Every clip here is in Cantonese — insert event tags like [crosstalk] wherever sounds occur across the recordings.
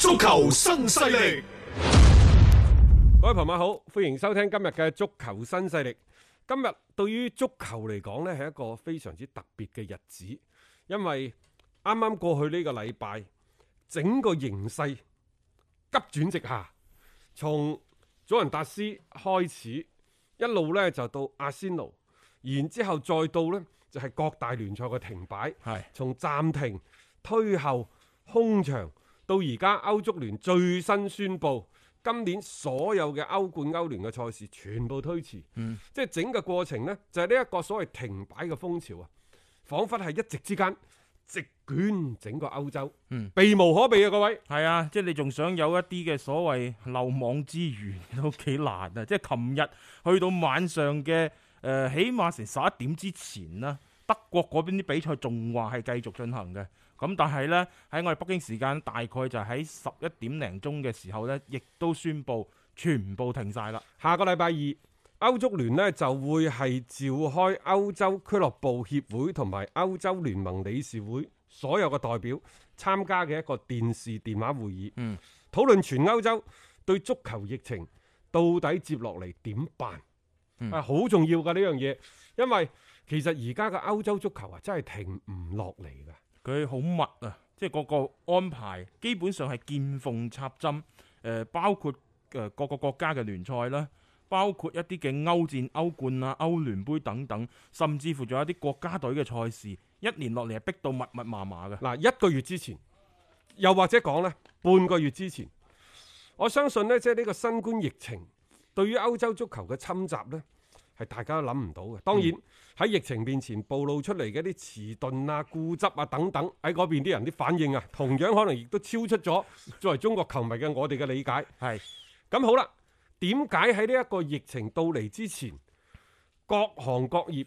足球新勢力，各位朋友好，歡迎收聽今日嘅足球新勢力。今日對於足球嚟講呢係一個非常之特別嘅日子，因為啱啱過去呢個禮拜，整個形勢急轉直下，從祖雲達斯開始，一路呢就到阿仙奴，然之後再到呢就係、是、各大聯賽嘅停擺，係從暫停、推後、空場。到而家歐足聯最新宣布，今年所有嘅歐冠、歐聯嘅賽事全部推遲。嗯，即係整個過程呢，就係呢一個所謂停擺嘅風潮啊，仿佛係一夕之間席捲整個歐洲。嗯，避無可避啊，各位。係啊，即係你仲想有一啲嘅所謂漏網之魚都幾難啊！即係琴日去到晚上嘅誒、呃，起碼成十一點之前啦，德國嗰邊啲比賽仲話係繼續進行嘅。咁但係呢，喺我哋北京時間大概就喺十一點零鐘嘅時候呢，亦都宣布全部停晒啦。下個禮拜二，歐足聯呢就會係召開歐洲俱樂部協會同埋歐洲聯盟理事會所有嘅代表參加嘅一個電視電話會議，嗯、討論全歐洲對足球疫情到底接落嚟點辦，嗯、啊、係好重要嘅呢樣嘢。因為其實而家嘅歐洲足球啊，真係停唔落嚟噶。佢好密啊，即係各個安排基本上係見縫插針，誒、呃，包括誒各個國家嘅聯賽啦，包括一啲嘅歐戰、歐冠啊、歐聯杯等等，甚至乎仲有一啲國家隊嘅賽事，一連落嚟係逼到密密麻麻嘅。嗱，一個月之前，又或者講呢，半個月之前，我相信呢，即係呢個新冠疫情對於歐洲足球嘅侵襲呢。係大家都諗唔到嘅。當然喺、嗯、疫情面前暴露出嚟嘅啲遲鈍啊、固執啊等等，喺嗰邊啲人啲反應啊，同樣可能亦都超出咗作為中國球迷嘅我哋嘅理解。係咁好啦。點解喺呢一個疫情到嚟之前，各行各業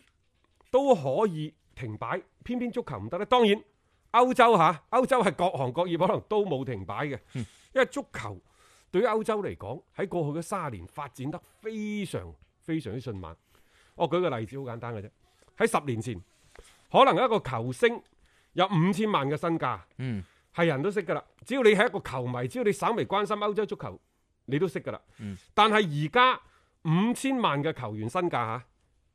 都可以停擺，偏偏足球唔得呢？當然，歐洲嚇，歐洲係各行各業可能都冇停擺嘅、嗯，因為足球對於歐洲嚟講，喺過去嘅三十年發展得非常。非常之迅猛。我舉個例子，好簡單嘅啫。喺十年前，可能一個球星有五千萬嘅身價，係、嗯、人都識㗎啦。只要你係一個球迷，只要你稍微關心歐洲足球，你都識㗎啦、嗯。但係而家五千萬嘅球員身價嚇，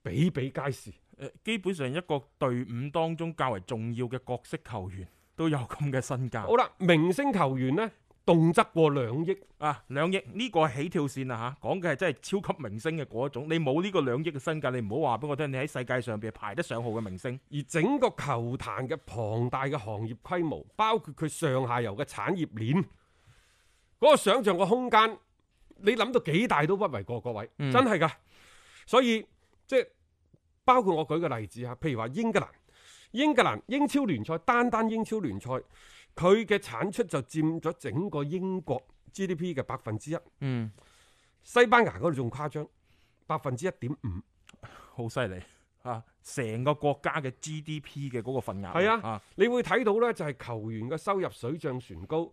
比比皆是。誒，基本上一個隊伍當中較為重要嘅角色球員都有咁嘅身價。好啦，明星球員呢。動則過兩億啊，兩億呢個起跳線啊吓，講嘅係真係超級明星嘅嗰一種。你冇呢個兩億嘅身價，你唔好話俾我聽。你喺世界上邊排得上號嘅明星，而整個球壇嘅龐大嘅行業規模，包括佢上下游嘅產業鏈，嗰個想象嘅空間，你諗到幾大都不為過，各位，嗯、真係噶。所以即係包括我舉個例子啊，譬如話英格蘭、英格蘭英超聯賽，單單英超聯賽。佢嘅產出就佔咗整個英國 GDP 嘅百分之一。嗯，西班牙嗰度仲誇張，百分之一點五，好犀利啊！成個國家嘅 GDP 嘅嗰個份額。係啊，你會睇到呢，就係球員嘅收入水漲船高，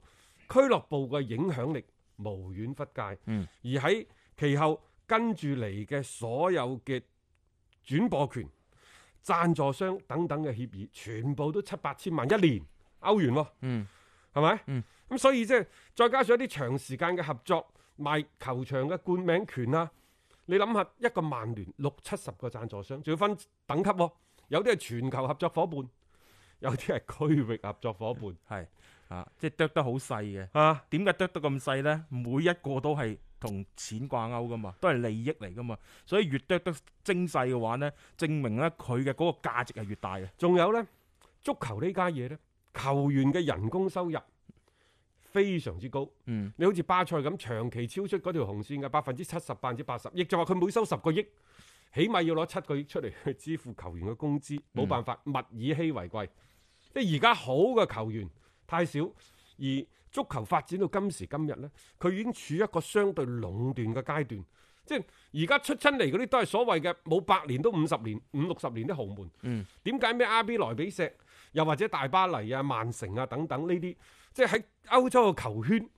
俱樂部嘅影響力無遠弗屆。嗯，而喺其後跟住嚟嘅所有嘅轉播權、贊助商等等嘅協議，全部都七八千萬一年。歐元喎，嗯，係咪？嗯，咁所以即係再加上一啲長時間嘅合作，賣球場嘅冠名權啦。你諗下一個曼聯六七十個贊助商，仲要分等級喎，有啲係全球合作夥伴，有啲係區域合作夥伴，係啊，即係剁得好細嘅啊。點解剁得咁細呢？每一個都係同錢掛鈎噶嘛，都係利益嚟噶嘛，所以越剁得精細嘅話呢，證明咧佢嘅嗰個價值係越大嘅。仲有呢，足球呢家嘢呢。球員嘅人工收入非常之高，你好似巴塞咁長期超出嗰條紅線嘅百分之七十、百分之八十，亦就話佢每收十個億，起碼要攞七個億出嚟去支付球員嘅工資，冇辦法，物以稀為貴。即係而家好嘅球員太少，而足球發展到今時今日咧，佢已經處於一個相對壟斷嘅階段。即係而家出親嚟嗰啲都係所謂嘅冇百年都五十年、五六十年啲豪門。嗯，點解咩 RB 萊比錫又或者大巴黎啊、曼城啊等等呢啲，即係喺歐洲嘅球圈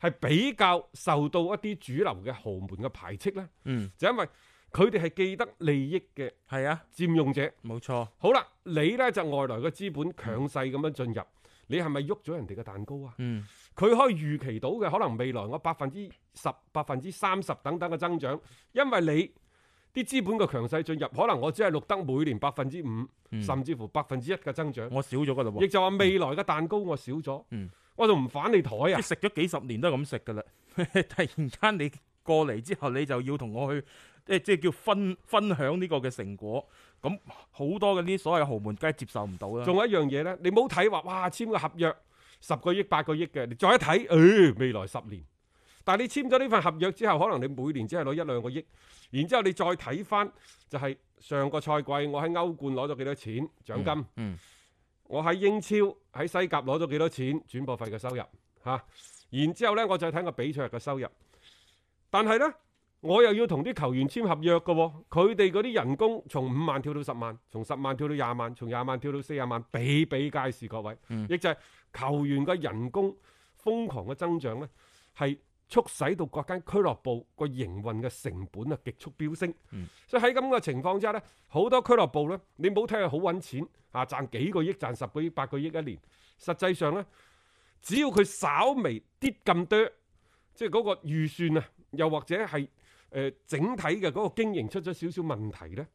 係比較受到一啲主流嘅豪門嘅排斥咧。嗯，就因為佢哋係既得利益嘅，係啊，佔用者。冇錯啊。好啦，你咧就外來嘅資本強勢咁樣進入，嗯、你係咪喐咗人哋嘅蛋糕啊？嗯，佢可以預期到嘅可能未來我百分之十、百分之三十等等嘅增長，因為你，啲資本嘅強勢進入，可能我只係錄得每年百分之五，甚至乎百分之一嘅增長，我少咗噶啦喎！亦就話未來嘅蛋糕我少咗、嗯，我就唔反你台啊！食咗幾十年都係咁食噶啦， [laughs] 突然間你過嚟之後，你就要同我去，即係即係叫分分享呢個嘅成果。咁好多嘅啲所謂豪門梗係接受唔到啦。仲有一樣嘢咧，你冇睇話哇，簽個合約十個億八個億嘅？你再一睇，誒、哎、未來十年。但係你簽咗呢份合約之後，可能你每年只係攞一兩個億，然之後你再睇翻，就係上個賽季我喺歐冠攞咗幾多錢獎金，嗯嗯、我喺英超喺西甲攞咗幾多錢轉播費嘅收入，吓、啊，然之後呢，我再睇個比賽嘅收入。但係呢，我又要同啲球員簽合約嘅，哦，佢哋嗰啲人工從五萬跳到十萬，從十萬跳到廿萬，從廿萬跳到四十萬，比比皆是，各位。亦、嗯、就係球員嘅人工瘋狂嘅增長呢。係。促使到各間俱樂部個營運嘅成本啊，極速飆升。所以喺咁嘅情況之下咧，好多俱樂部呢，你唔好睇佢好搵錢吓，賺幾個億、賺十個億、八個億一年。實際上呢，只要佢稍微跌咁多，即係嗰個預算啊，又或者係誒整體嘅嗰個經營出咗少少問題呢，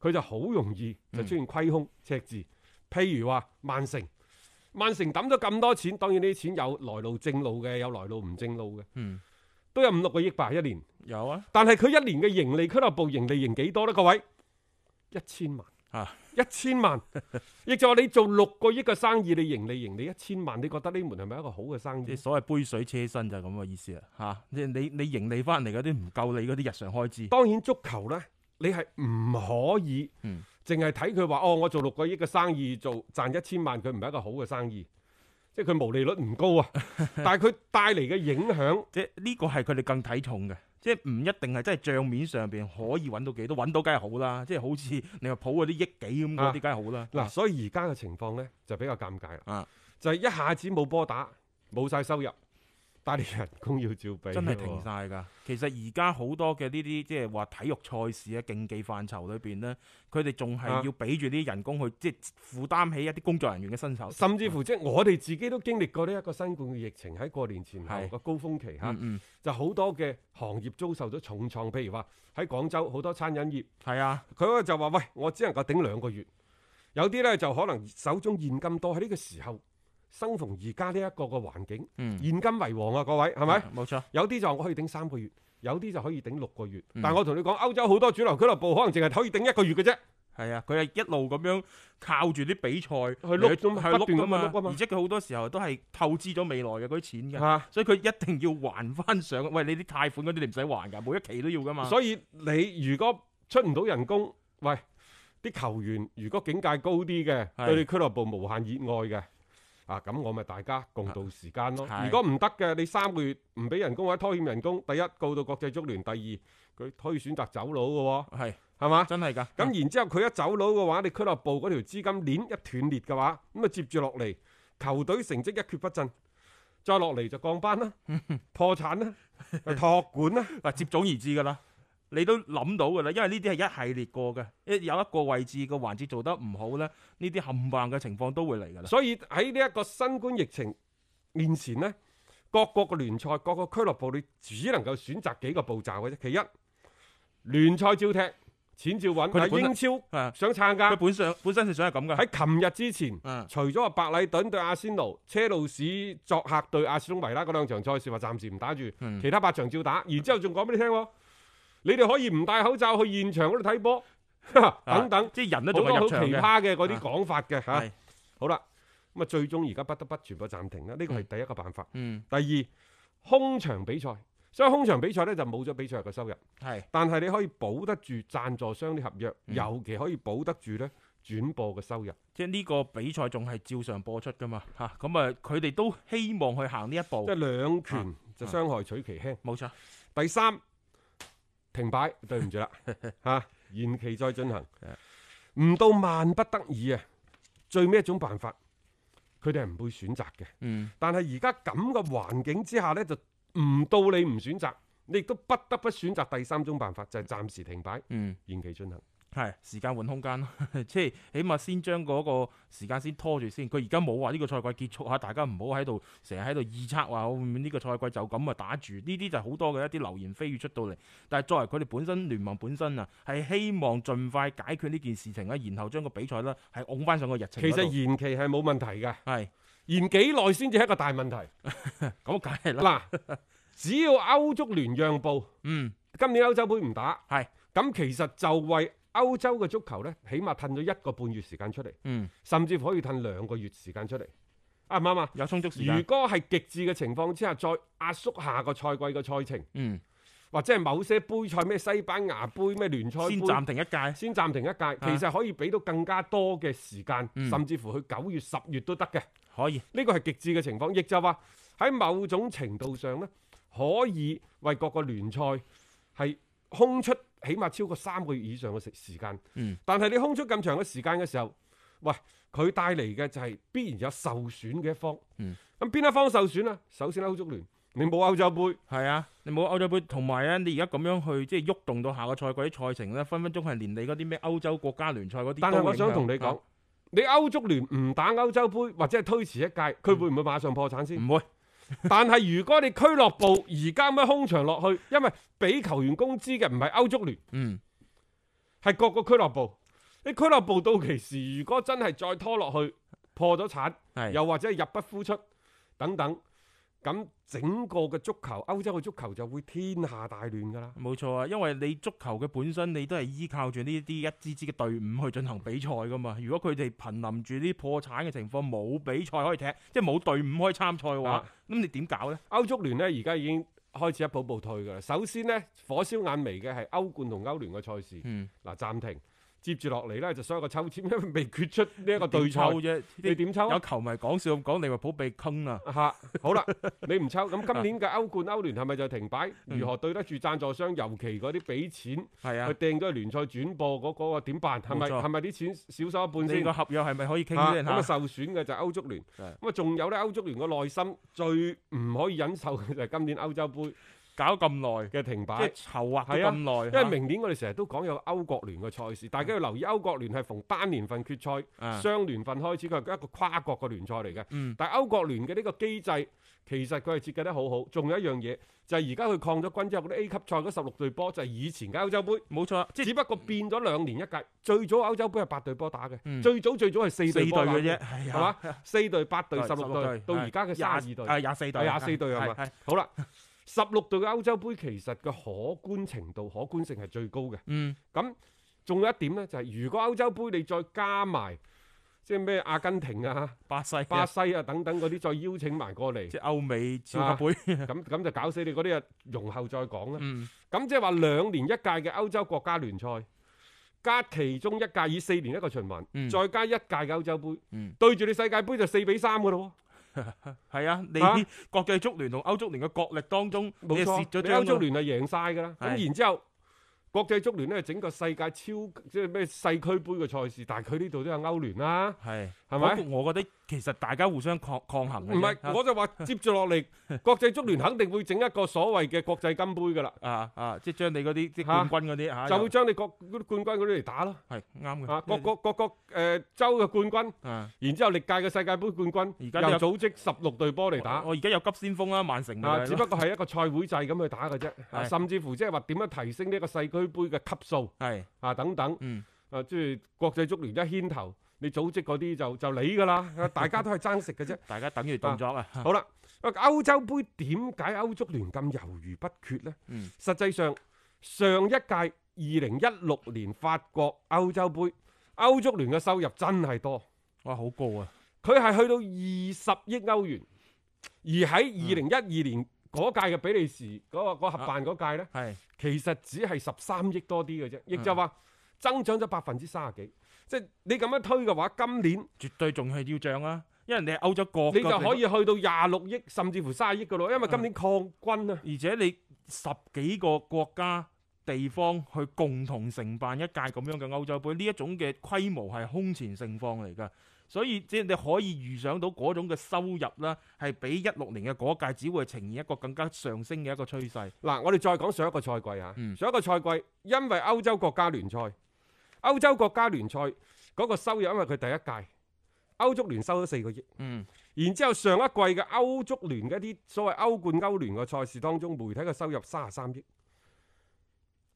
佢就好容易就出現虧空赤字。譬如話曼城。曼城抌咗咁多錢，當然呢啲錢有來路正路嘅，有來路唔正路嘅，嗯，都有五六個億吧一年。有啊，但係佢一年嘅盈利，俱樂部盈利盈幾多呢？各位，一千萬，一，啊、一千萬，亦 [laughs] 就話你做六個億嘅生意，你盈利盈利一千萬，你覺得呢門係咪一個好嘅生意？所謂杯水車薪就係咁嘅意思啦，吓、啊，你你你盈利翻嚟嗰啲唔夠你嗰啲日常開支。當然足球呢，你係唔可以、嗯。淨係睇佢話哦，我做六個億嘅生意做賺一千萬，佢唔係一個好嘅生意，即係佢毛利率唔高啊。 [laughs] 但係佢帶嚟嘅影響，即係呢個係佢哋更睇重嘅，即係唔一定係真係賬面上邊可以搵到幾多，搵到梗係好啦。即係好似你話抱嗰啲億幾咁嗰啲，梗、啊、係好啦。嗱、啊，所以而家嘅情況咧就比較尷尬啦、啊，就係、是、一下子冇波打，冇晒收入。帶啲人工要照俾、啊，真係停晒噶。其實而家好多嘅呢啲，即係話體育賽事啊、競技範疇裏邊咧，佢哋仲係要俾住啲人工去，啊、即係負擔起一啲工作人員嘅薪酬。甚至乎即係我哋自己都經歷過呢一個新冠疫情喺過年前後嘅高峰期嚇、嗯嗯啊，就好多嘅行業遭受咗重創。譬如話喺廣州好多餐飲業，係啊，佢嗰就話：喂，我只能夠頂兩個月。有啲咧就可能手中現金多喺呢個時候。生逢而家呢一個個環境，現金為王啊！各位係咪？冇錯，有啲就話我可以頂三個月，有啲就可以頂六個月。嗯、但係我同你講，歐洲好多主流俱樂部可能淨係可以頂一個月嘅啫。係啊，佢係一路咁樣靠住啲比賽去碌，去不斷咁嘛，嘛。而且佢好多時候都係透支咗未來嘅嗰啲錢嘅、啊，所以佢一定要還翻上。喂，你啲貸款嗰啲你唔使還㗎，每一期都要㗎嘛。所以你如果出唔到人工，喂啲球員如果境界高啲嘅，對你俱樂部無限熱愛嘅。啊咁我咪大家共度時間咯。啊、如果唔得嘅，你三個月唔俾人工或者拖欠人工，第一告到國際足聯，第二佢可以選擇走佬嘅喎。係係嘛？真係噶。咁然之後佢一走佬嘅話，你俱樂部嗰條資金鏈一斷裂嘅話，咁啊接住落嚟球隊成績一蹶不振，再落嚟就降班啦，破產啦，託管啦，啊 [laughs] 接踵而至嘅啦。你都諗到噶啦，因為呢啲係一系列過嘅。一有一個位置個環節做得唔好咧，呢啲冚唪唥嘅情況都會嚟噶啦。所以喺呢一個新冠疫情面前呢，各國嘅聯賽、各個俱樂部，你只能夠選擇幾個步驟嘅啫。其一，聯賽照踢，錢照揾。佢係英超想撐噶，佢本想本身就想係咁嘅。喺琴日之前，除咗阿白禮頓對阿仙奴、車路士作客對阿斯隆維拉嗰兩場賽事話暫時唔打住，其他八場照打。然之後仲講俾你聽。你哋可以唔戴口罩去現場嗰度睇波，等等，啊、即係人都做得好，好奇葩嘅嗰啲講法嘅吓、啊啊。好啦，咁啊，最終而家不得不全部暫停啦。呢個係第一個辦法嗯。嗯。第二，空場比賽，所以空場比賽咧就冇咗比賽嘅收入。係。但係你可以保得住贊助商啲合約，嗯，尤其可以保得住咧轉播嘅收入。嗯、即係呢個比賽仲係照常播出噶嘛？吓，咁啊，佢、嗯、哋都希望去行呢一步。即係兩權就傷害取其輕，冇、啊啊、錯。第三。停擺，對唔住啦，吓、 [laughs] 啊、延期再進行，唔到萬不得已啊，最尾一種辦法，佢哋係唔會選擇嘅。嗯，但係而家咁嘅環境之下咧，就唔到你唔選擇，你亦都不得不選擇第三種辦法，就係、是、暫時停擺，嗯，延期進行。係時間換空間咯，即係起碼先將嗰個時間先拖住先。佢而家冇話呢個賽季結束嚇，大家唔好喺度成日喺度預測話會唔會呢個賽季就咁啊打住。呢啲就係好多嘅一啲流言蜚語出到嚟。但係作為佢哋本身聯盟本身啊，係希望盡快解決呢件事情啊，然後將個比賽啦係掹翻上個日程。其實延期係冇問題㗎，係延幾耐先至係一個大問題。咁梗係啦。嗱，只要歐足聯讓步，嗯，今年歐洲杯唔打，係咁，其實就為。歐洲嘅足球呢，起碼褪咗一個半月時間出嚟、嗯，甚至乎可以褪兩個月時間出嚟。啱唔啱啊！有充足時間。如果係極致嘅情況之下，再壓縮下個賽季嘅賽程，嗯、或者係某些杯賽，咩西班牙杯、咩聯賽杯，先暫停一屆，先暫停一屆。啊、其實可以俾到更加多嘅時間，甚至乎去九月、十月都得嘅。可以。呢個係極致嘅情況，亦就話喺某種程度上呢，可以為各個聯賽係空出，起碼超過三個月以上嘅時時間，嗯，但係你空出咁長嘅時間嘅時候，喂，佢帶嚟嘅就係必然有受損嘅一方。咁、嗯、邊一方受損啊？首先咧，歐足聯，你冇歐洲杯，係啊，你冇歐洲杯，同埋咧，你而家咁樣去即係喐動、動到下個賽季啲賽程咧，分分鐘係連你嗰啲咩歐洲國家聯賽嗰啲。但係我想同你講、啊，你歐足聯唔打歐洲杯或者係推遲一屆，佢會唔會馬上破產先？唔、嗯、會。 [laughs] 但係如果你俱樂部而家咁樣空場落去，因為俾球員工資嘅唔係歐足聯，嗯，係各個俱樂部。你俱樂部到期時，如果真係再拖落去，破咗產，又或者係入不敷出等等。咁整個嘅足球，歐洲嘅足球就會天下大亂噶啦。冇錯啊，因為你足球嘅本身，你都係依靠住呢啲一支支嘅隊伍去進行比賽噶嘛。如果佢哋瀕臨住啲破產嘅情況，冇比賽可以踢，即係冇隊伍可以參賽嘅話，咁、啊、你點搞呢？歐足聯呢，而家已經開始一步步退噶啦。首先呢，火燒眼眉嘅係歐冠同歐聯嘅賽事，嗱、嗯啊、暫停。接住落嚟咧，就所有個抽籤因為未決出呢一個對抽啫，你點抽啊？有球迷講笑講利物浦被坑啦。嚇！好啦，你唔抽咁，今年嘅歐冠歐聯係咪就停擺？如何對得住贊助商，尤其嗰啲俾錢，係啊，佢掟咗聯賽轉播嗰個點辦？係咪，係咪啲錢少收一半先？呢個合約係咪可以傾咧？咁啊，受損嘅就係歐足聯。咁啊，仲有咧，歐足聯個內心最唔可以忍受嘅就係今年歐洲盃。搞咁耐嘅停擺，即係籌劃係咁耐。因為明年我哋成日都講有歐國聯嘅賽事、嗯，大家要留意歐國聯係逢單年份決賽、嗯、雙年份開始，佢係一個跨國嘅聯賽嚟嘅、嗯。但係歐國聯嘅呢個機制其實佢係設計得好好。仲有一樣嘢就係而家佢擴咗軍之後，嗰啲 A 級賽嗰十六隊波就係以前嘅歐洲杯，冇錯、啊。即係只不過變咗兩年一屆。最早歐洲杯係八隊波打嘅、嗯，最早最早係四四隊嘅啫，係嘛？四隊、八、啊、隊、隊、隊、十六隊、啊、到而家嘅廿二隊、廿、啊、四隊、廿、啊、四隊係嘛？好啦、啊。十六隊嘅歐洲杯其實嘅可觀程度、可觀性係最高嘅。嗯，咁仲有一點呢，就係、係、如果歐洲杯你再加埋，即係咩阿根廷啊、巴西、啊、巴西啊等等嗰啲，再邀請埋過嚟，即係歐美超級杯，咁、啊、咁就搞死你嗰啲啊！容後再講啦。咁即係話兩年一屆嘅歐洲國家聯賽，加其中一屆以四年一個循環，嗯、再加一屆嘅歐洲杯，嗯、對住你世界盃就四比三噶咯喎。係 [laughs] 啊，你啲國際足聯同歐足聯嘅角力當中，冇錯，歐足聯係贏晒㗎啦。咁然之後，國際足聯咧整個世界超，即係咩世俱杯嘅賽事，但係佢呢度都有歐聯啦、啊，係係咪？我覺得。其實大家互相抗抗衡。唔係，我就話接住落嚟， [laughs] 國際足聯肯定會整一個所謂嘅國際金杯噶啦、啊。啊啊，即係將你嗰啲即係冠軍嗰啲吓，就會將你各啲、啊、冠軍嗰啲嚟打咯。係啱嘅。各各各各誒、呃、州嘅冠軍，啊、然之後歷屆嘅世界盃冠軍，又組織十六隊波嚟打。我而家有急先鋒啦、啊，曼城。啊，只不過係一個賽會制咁去打嘅啫、啊。甚至乎即係話點樣提升呢一個世俱盃嘅級數？係啊，等等。嗯、啊、即、就、係、是、國際足聯一牽頭。你組織嗰啲就就你噶啦，大家都係爭食嘅啫，大家等住動作啊，啊！好啦，歐洲杯，點解歐足聯咁猶豫不決呢？嗯，實際上上一屆二零一六年法國歐洲杯，歐足聯嘅收入真係多，哇，好高啊！佢係去到二十億歐元，而喺二零一二年嗰屆嘅比利時嗰、嗯、個合辦嗰屆呢，啊、其實只係十三億多啲嘅啫，亦就話增長咗百分之三十幾。即係你咁樣推嘅話，今年絕對仲係要漲啊！因為你係歐洲國，你就可以去到廿六億甚至乎卅億嘅咯。因為今年擴軍啊，嗯、而且你十幾個國家地方去共同承辦一屆咁樣嘅歐洲盃，呢一種嘅規模係空前盛況嚟噶。所以即係你可以預想到嗰種嘅收入啦，係比一六年嘅嗰屆只會呈現一個更加上升嘅一個趨勢。嗱、啊，我哋再講上一個賽季啊，上一個賽季因為歐洲國家聯賽。歐洲國家聯賽嗰個收入，因為佢第一屆歐足聯收咗四個億，嗯，然之後上一季嘅歐足聯嘅啲所謂歐冠、歐聯嘅賽事當中，媒體嘅收入三十三億，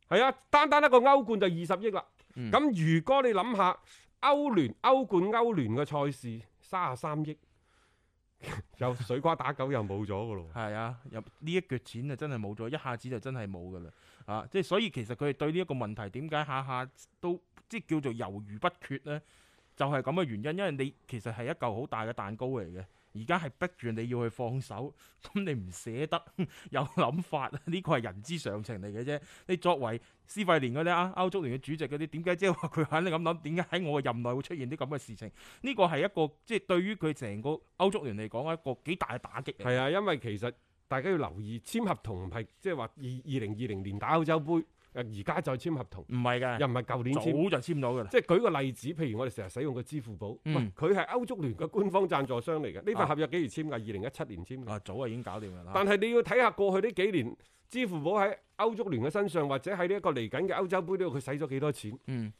係啊，單單一個歐冠就二十億啦。咁、嗯、如果你諗下歐聯、歐冠歐、歐聯嘅賽事三十三億，有水瓜打狗又冇咗噶咯，係 [laughs] 啊，入呢一橛錢就真係冇咗，一下子就真係冇噶啦。啊！即係所以其實佢哋對呢一個問題點解下下都即係叫做猶豫不決呢？就係咁嘅原因。因為你其實係一嚿好大嘅蛋糕嚟嘅，而家係逼住你要去放手，咁你唔捨得有諗法，呢個係人之常情嚟嘅啫。你作為施費廉嗰啲啊，歐足聯嘅主席嗰啲，點解即係話佢喺你咁諗？點解喺我嘅任內會出現啲咁嘅事情？呢個係一個即係對於佢成個歐足聯嚟講一個幾大嘅打擊。係啊，因為其實。大家要留意，簽合同唔係即係話二二零二零年打歐洲杯，誒而家再簽合同，唔係㗎，又唔係舊年簽，早就簽到㗎啦。即係舉一個例子，譬如我哋成日使用個支付寶，佢、嗯、係歐足聯嘅官方贊助商嚟嘅。呢、啊、份、這個、合約幾時簽㗎？二零一七年簽啊，早啊已經搞掂㗎啦。但係你要睇下過去呢幾年，支付寶喺歐足聯嘅身上，或者喺呢一個嚟緊嘅歐洲杯呢度，佢使咗幾多錢？嗯，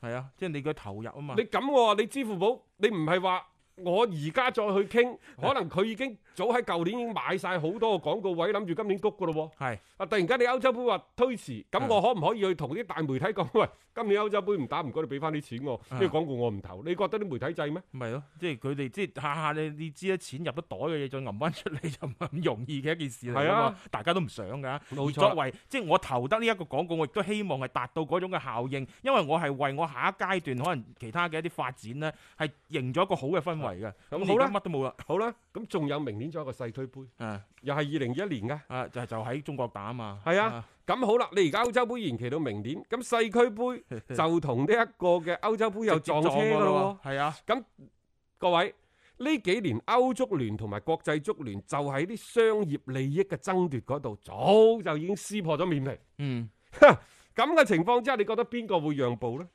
係啊，即、就、係、是、你嘅投入啊嘛。你咁喎、啊，你支付寶，你唔係話。我而家再去傾，可能佢已經早喺舊年已經買晒好多個廣告位，諗住今年谷噶咯喎。係啊，突然間你歐洲杯話推遲，咁我可唔可以去同啲大媒體講？喂，今年歐洲杯唔打，唔該你俾翻啲錢我，呢個廣告我唔投。你覺得啲媒體制咩？唔係咯，即係佢哋即係下下你你知啦，錢入得袋嘅嘢再揞翻出嚟就唔係咁容易嘅一件事嚟㗎嘛。大家都唔想㗎。冇錯。作為即係我投得呢一個廣告，我亦都希望係達到嗰種嘅效應，因為我係為我下一階段可能其他嘅一啲發展咧，係贏咗一個好嘅分。嚟嘅咁好啦，乜都冇啦，好啦，咁仲有明年仲有個世俱杯，又係二零二一年嘅，就就喺中國打啊嘛，係啊，咁、啊、好啦，你而家歐洲杯延期到明年，咁世俱杯就同呢一個嘅歐洲杯又撞車噶咯喎，係啊，咁各位呢幾年歐足聯同埋國際足聯就喺啲商業利益嘅爭奪嗰度，早就已經撕破咗面皮，嗯，咁嘅情況之下，你覺得邊個會讓步咧？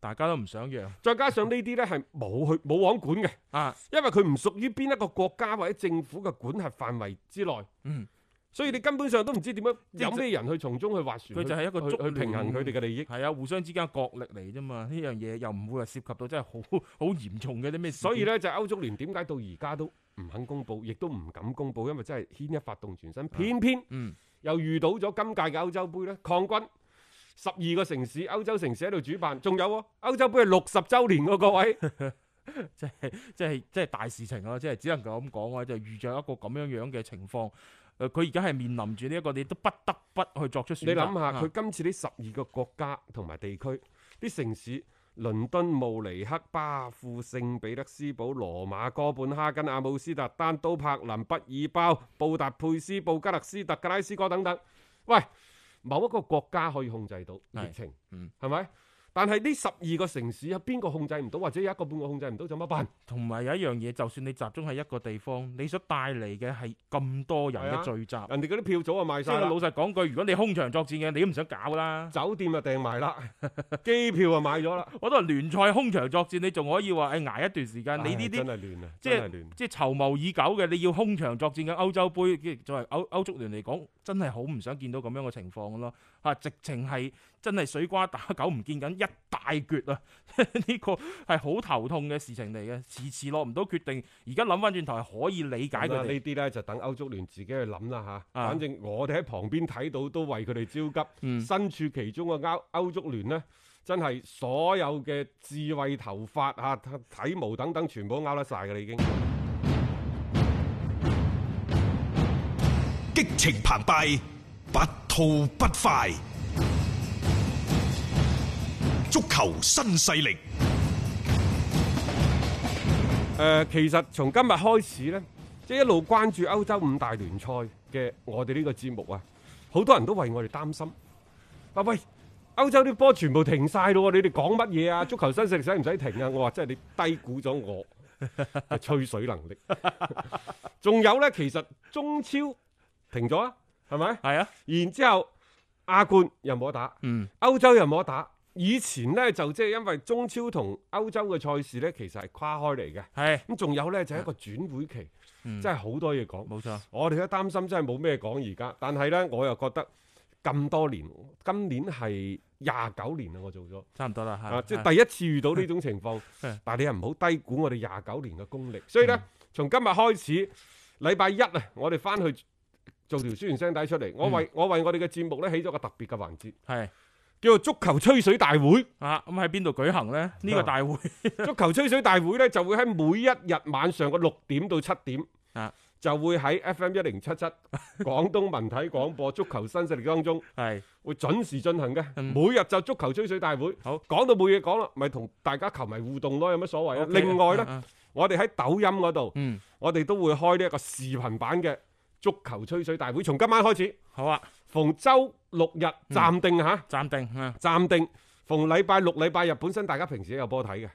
大家都唔想嘅，再加上呢啲呢，係 [laughs] 冇去冇王管嘅啊，因為佢唔屬於邊一個國家或者政府嘅管轄範圍之內，嗯，所以你根本上都唔知點樣有啲咩人去從中去斡旋，佢就係一個個去,去平衡佢哋嘅利益，係、嗯、啊，互相之間角力嚟啫嘛，呢樣嘢又唔會話涉及到真係好好嚴重嘅啲咩事，所以呢，就歐足聯點解到而家都唔肯公布，亦都唔敢公布，因為真係牽一發動全身，啊、偏偏、嗯、又遇到咗今屆嘅歐洲杯呢，抗軍。十二個城市，歐洲城市喺度主辦，仲有啊，歐洲盃係六十周年喎，各位，即係即係即係大事情咯，即係只能夠咁講啊，就遇著一個咁樣樣嘅情況。誒，佢而家係面臨住呢一個，你都不得不去作出選擇。你諗下，佢今次呢十二個國家同埋地區，啲城市：倫敦、慕尼黑、巴庫、聖彼得斯堡、羅馬、哥本哈根、阿姆斯特丹、都柏林、畢爾包、布達佩斯、布加勒斯特、格拉斯哥等等。喂！某一個國家可以控制到疫情，是嗯，係咪？但係呢十二個城市有邊個控制唔到，或者有一個半個控制唔到，做乜辦？同埋有一樣嘢，就算你集中喺一個地方，你所帶嚟嘅係咁多人嘅聚集，的人哋嗰啲票早就賣晒。即、就、係、是、老實講句，如果你空場作戰嘅，你都唔想搞啦。酒店啊訂埋啦，機 [laughs] 票啊買咗啦。 [laughs] 我都話聯賽空場作戰，你仲可以話誒挨一段時間。你呢啲、哎、真係亂啊！即係即係籌謀已久嘅，你要空場作戰嘅歐洲杯，作為歐歐足聯嚟講，真係好唔想見到咁樣嘅情況咯。啊！直情係真係水瓜打狗唔見緊一大橛啊！呢個係好頭痛嘅事情嚟嘅，遲遲落唔到決定。而家諗翻轉頭係可以理解嘅。呢啲咧就等歐足聯自己去諗啦吓。反正我哋喺旁邊睇到都為佢哋焦急，嗯。身處其中嘅歐歐足聯呢，真係所有嘅智慧頭髮、吓、啊、體毛等等，全部都勾甩晒㗎啦，已經。激情澎湃，好不快！足球新勢力誒，其實從今日開始咧，即係一路關注歐洲五大聯賽嘅我哋呢個節目啊，好多人都為我哋擔心。話喂，歐洲啲波全部停晒咯，你哋講乜嘢啊？足球新勢力使唔使停啊？我話即係你低估咗我嘅吹水能力。仲有咧，其實中超停咗啊！係咪？係啊！然之後亞冠又冇得打，嗯，歐洲又冇得打。以前咧就即、是、係因為中超同歐洲嘅賽事咧，其實係跨開嚟嘅。係咁，仲有咧就係一個轉會期，嗯、真係好多嘢講。冇錯，我哋都擔心真係冇咩講而家。但係咧，我又覺得咁多年，今年係廿九年啦，我做咗差唔多啦，即係、啊、第一次遇到呢種情況。但係你又唔好低估我哋廿九年嘅功力。所以咧，嗯，從今日開始，禮拜一啊，我哋翻去。做條舒然聲帶出嚟，我為我為我哋嘅節目咧起咗個特別嘅環節，係叫做足球吹水大會啊！咁喺邊度舉行咧？呢個大會足球吹水大會咧就會喺每一日晚上嘅六點到七點啊，就會喺 FM 一零七七廣東文體廣播足球新勢力當中係會準時進行嘅。每日就足球吹水大會，好講到冇嘢講啦，咪同大家球迷互動咯，有乜所謂啊？另外咧，我哋喺抖音嗰度，我哋都會開呢一個視頻版嘅。足球吹水大會從今晚開始，好啊！逢周六日暫定。吓、嗯，暫、啊、停，暫停、啊。逢禮拜六、禮拜日本身大家平時都有波睇嘅，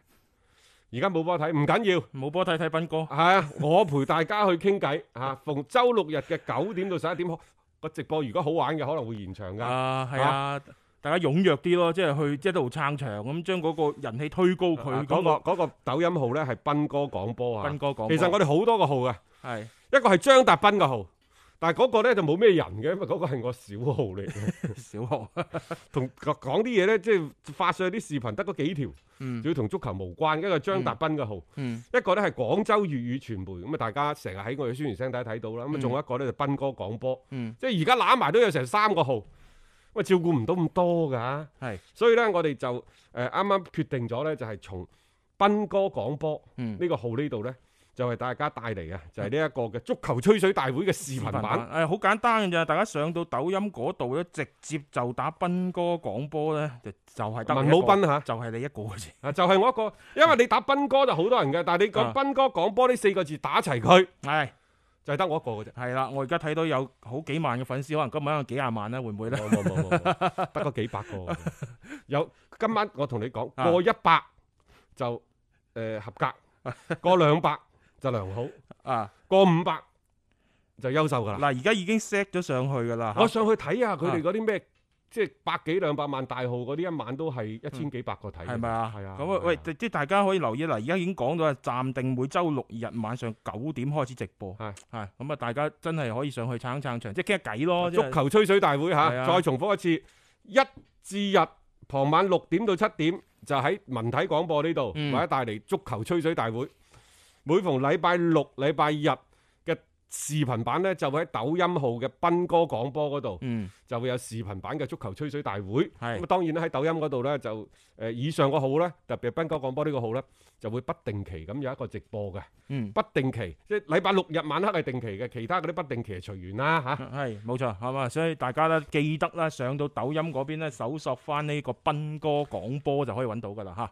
而家冇波睇，唔緊要，冇波睇睇斌哥。係啊，我陪大家去傾偈。吓、 [laughs] 啊。逢周六日嘅九點到十一點個 [laughs] 直播，如果好玩嘅可能會延長噶。啊，係啊，啊，大家踴躍啲咯，即係去即係度撐場咁，將嗰個人氣推高佢。嗰、啊那個、那個那個抖音號咧係斌哥講波啊。斌哥講波。其實我哋好多個號啊，係一個係張達斌嘅號。但係嗰個咧就冇咩人嘅，因為嗰個係我小號嚟嘅， [laughs] 小號同講啲嘢咧，即係發上去啲視頻得嗰幾條，主、嗯、要同足球無關。一個張達斌嘅號，嗯、一個咧係廣州粵語傳媒，咁啊大家成日喺我哋宣傳聲底睇到啦。咁啊仲有一個咧就斌、是、哥廣播，嗯、即係而家攬埋都有成三個號，咁啊照顧唔到咁多㗎、啊。係，所以咧我哋就誒啱啱決定咗咧，就係從斌哥廣播呢個號呢度咧。嗯嗯就係大家帶嚟嘅，就係呢一個嘅足球吹水大會嘅視頻版。誒，好簡單嘅咋，大家上到抖音嗰度咧，直接就打斌哥講波咧，就係文武斌吓，就係你一個嘅啫。啊，就係我一個，因為你打斌哥就好多人嘅，但係你講斌哥講波呢四個字打齊佢，係就係得我一個嘅啫。係啦，我而家睇到有好幾萬嘅粉絲，可能今晚有幾廿萬啦，會唔會咧？冇冇冇，得幾百個。有今晚我同你講，過一百就誒合格，過兩百。就良好啊，過五百就優秀噶啦。嗱、啊，而家已經 set 咗上去噶啦。我、啊、上去睇下佢哋嗰啲咩，即係百幾兩百萬大號，嗰啲一晚都係一千幾百個睇，係、嗯、咪啊？係啊。咁啊，喂，即係、啊、大家可以留意啦。而家已經講到，暫定，每周六日晚上九點開始直播。係係，咁啊，大家真係可以上去撐一撐場，是啊、即係傾下偈咯。足球吹水大會吓、啊，再重複一次，啊、一至日傍晚六點到七點就在，就喺文體廣播呢度，或者帶嚟足球吹水大會。每逢禮拜六、禮拜日嘅視頻版咧，就會喺抖音號嘅斌哥廣播嗰度、嗯，就會有視頻版嘅足球吹水大會。咁啊，當然咧喺抖音嗰度咧，就、呃、誒以上個號咧，特別係斌哥廣播呢個號咧，就會不定期咁有一個直播嘅、嗯。不定期，即係禮拜六日晚黑係定期嘅，其他嗰啲不定期隨緣啦、啊、嚇。係、啊，冇錯，係嘛？所以大家咧記得啦，上到抖音嗰邊咧，搜索翻呢個斌哥廣播就可以揾到㗎啦嚇。啊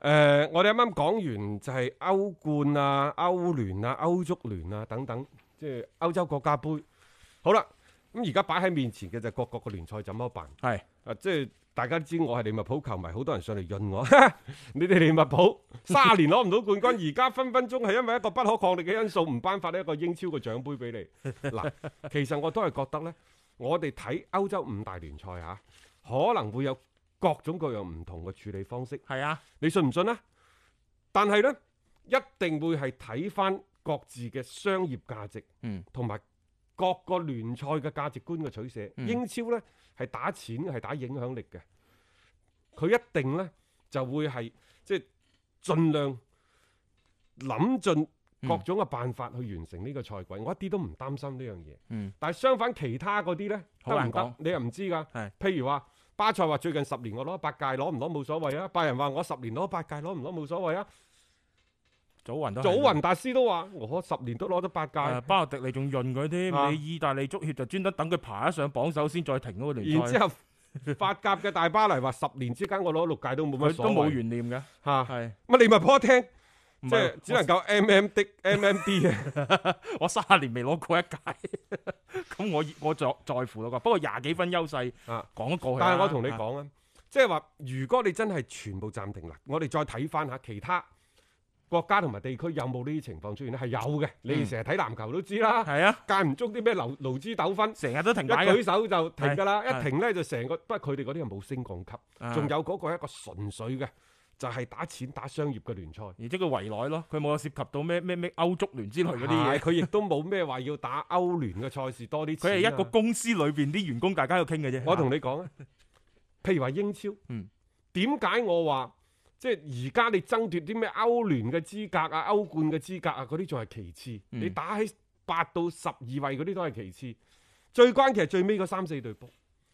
誒、呃，我哋啱啱講完就係歐冠啊、歐聯啊、歐足聯啊等等，即係歐洲國家杯。好啦，咁而家擺喺面前嘅就各國嘅聯賽，怎麼辦？係，誒、啊，即、就、係、是、大家知道我係利物浦球迷，好多人上嚟潤我。 [laughs] 你哋利物浦卅年攞唔到冠軍，而 [laughs] 家分分鐘係因為一個不可抗力嘅因素，唔頒發呢一個英超嘅獎杯俾你。嗱、啊，其實我都係覺得咧，我哋睇歐洲五大聯賽吓，可能會有。各種各樣唔同嘅處理方式，係啊，你信唔信啊？但係咧，一定會係睇翻各自嘅商業價值，嗯，同埋各個聯賽嘅價值觀嘅取捨、嗯。英超咧係打錢，係打影響力嘅，佢一定咧就會係即係盡量諗盡各種嘅辦法去完成呢個賽季、嗯。我一啲都唔擔心呢樣嘢，嗯，但係相反，其他嗰啲咧得唔得？你又唔知噶，係，譬如話。巴塞話最近十年我攞八屆，攞唔攞冇所謂啊！拜仁話我十年攞八屆，攞唔攞冇所謂啊！祖雲都祖雲大師都話我十年都攞得八屆、啊。巴洛迪尼仲潤佢添，你意大利足協就專登等佢爬得上榜首先再停嗰個聯賽，然之後法甲嘅大巴黎話十年之間我攞六屆都冇乜，都冇懸念嘅。吓、啊、係、乜、啊、你咪講一聽。即係只能夠 M M D M M D 啊！我卅年未攞過一屆，咁我我在在乎咯。不過廿幾分優勢啊，講得過去。但係我同你講啊，即係話如果你真係全部暫停啦，我哋再睇翻下其他國家同埋地區有冇呢啲情況出現咧？係有嘅、嗯。你哋成日睇籃球都知啦，係啊，間唔中啲咩勞勞資糾紛，成日都停了，一舉手就停噶啦。一停咧就成個不，佢哋嗰啲係冇升降級，仲、啊、有嗰個係一個純粹嘅。就係、是、打錢打商業嘅聯賽，而且佢圍內咯，佢冇有涉及到咩咩咩歐足聯之類嗰啲嘢，佢亦都冇咩話要打歐聯嘅賽事多啲。佢係一個公司裏邊啲員工，大家要傾嘅啫。我同你講啊，譬如話英超，嗯，點解我話即係而家你爭奪啲咩歐聯嘅資格啊、歐冠嘅資格啊嗰啲仲係其次，你打喺八到十二位嗰啲都係其次，最關鍵係最尾嗰三四隊波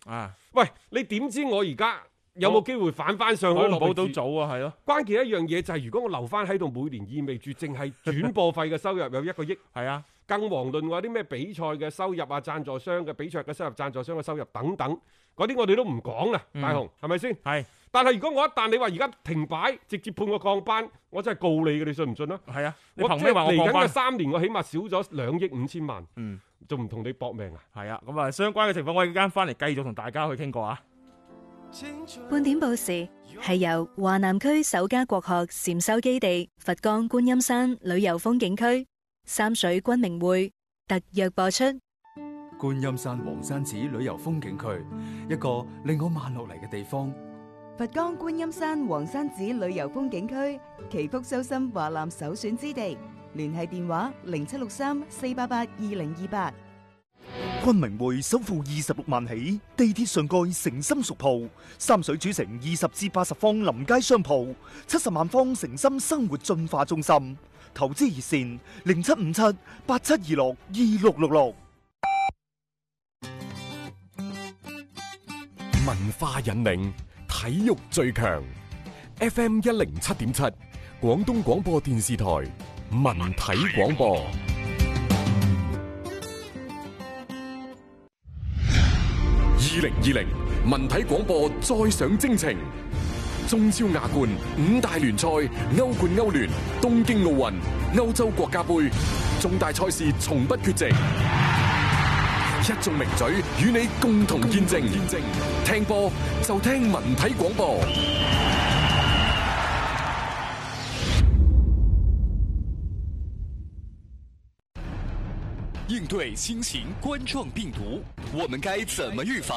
啊！喂，你點知我而家？有冇機會反翻上去？攞唔到早啊，係咯。關鍵一樣嘢就係，如果我留翻喺度，每年意味住淨係轉播費嘅收入有一個億。係啊，更遑論話啲咩比賽嘅收入啊，贊助商嘅比賽嘅收入，贊助商嘅收入等等，嗰啲我哋都唔講啦。大雄係咪先？係。但係如果我一旦你話而家停擺，直接判個降班，我真係告你嘅，你信唔信啊？係啊。我憑咩話我降班？嚟緊嘅三年，我起碼少咗兩億五千萬。嗯。就唔同你搏命啊！係啊。咁啊，相關嘅情況我一陣間翻嚟繼續同大家去傾過啊。半點報時係由華南區首家國學禪修基地——佛岡觀音山旅遊風景區三水君明會特約播出。觀音山黃山寺旅遊風景區，一個令我慢落嚟嘅地方。佛岡觀音山黃山寺旅遊風景區，祈福修心華南首選之地。聯繫電話：零七六三四八八二零二八。君明匯首付二十六萬起，地鐵上蓋誠心屬鋪，三水主城二十至八十方臨街商鋪，七十萬方誠心生活進化中心，投資熱線零七五七八七二六二六六六。文化引領，體育最強，FM 一零七點七，廣東廣播電視台文體廣播。二零二零，文體廣播再上征程。中超亞冠、五大聯賽、歐冠、歐聯、東京奧運、歐洲國家盃，重大賽事從不缺席。一眾名嘴與你共同，共同見證，聽波就聽文體廣播。對新型冠狀病毒，我們該怎麼預防？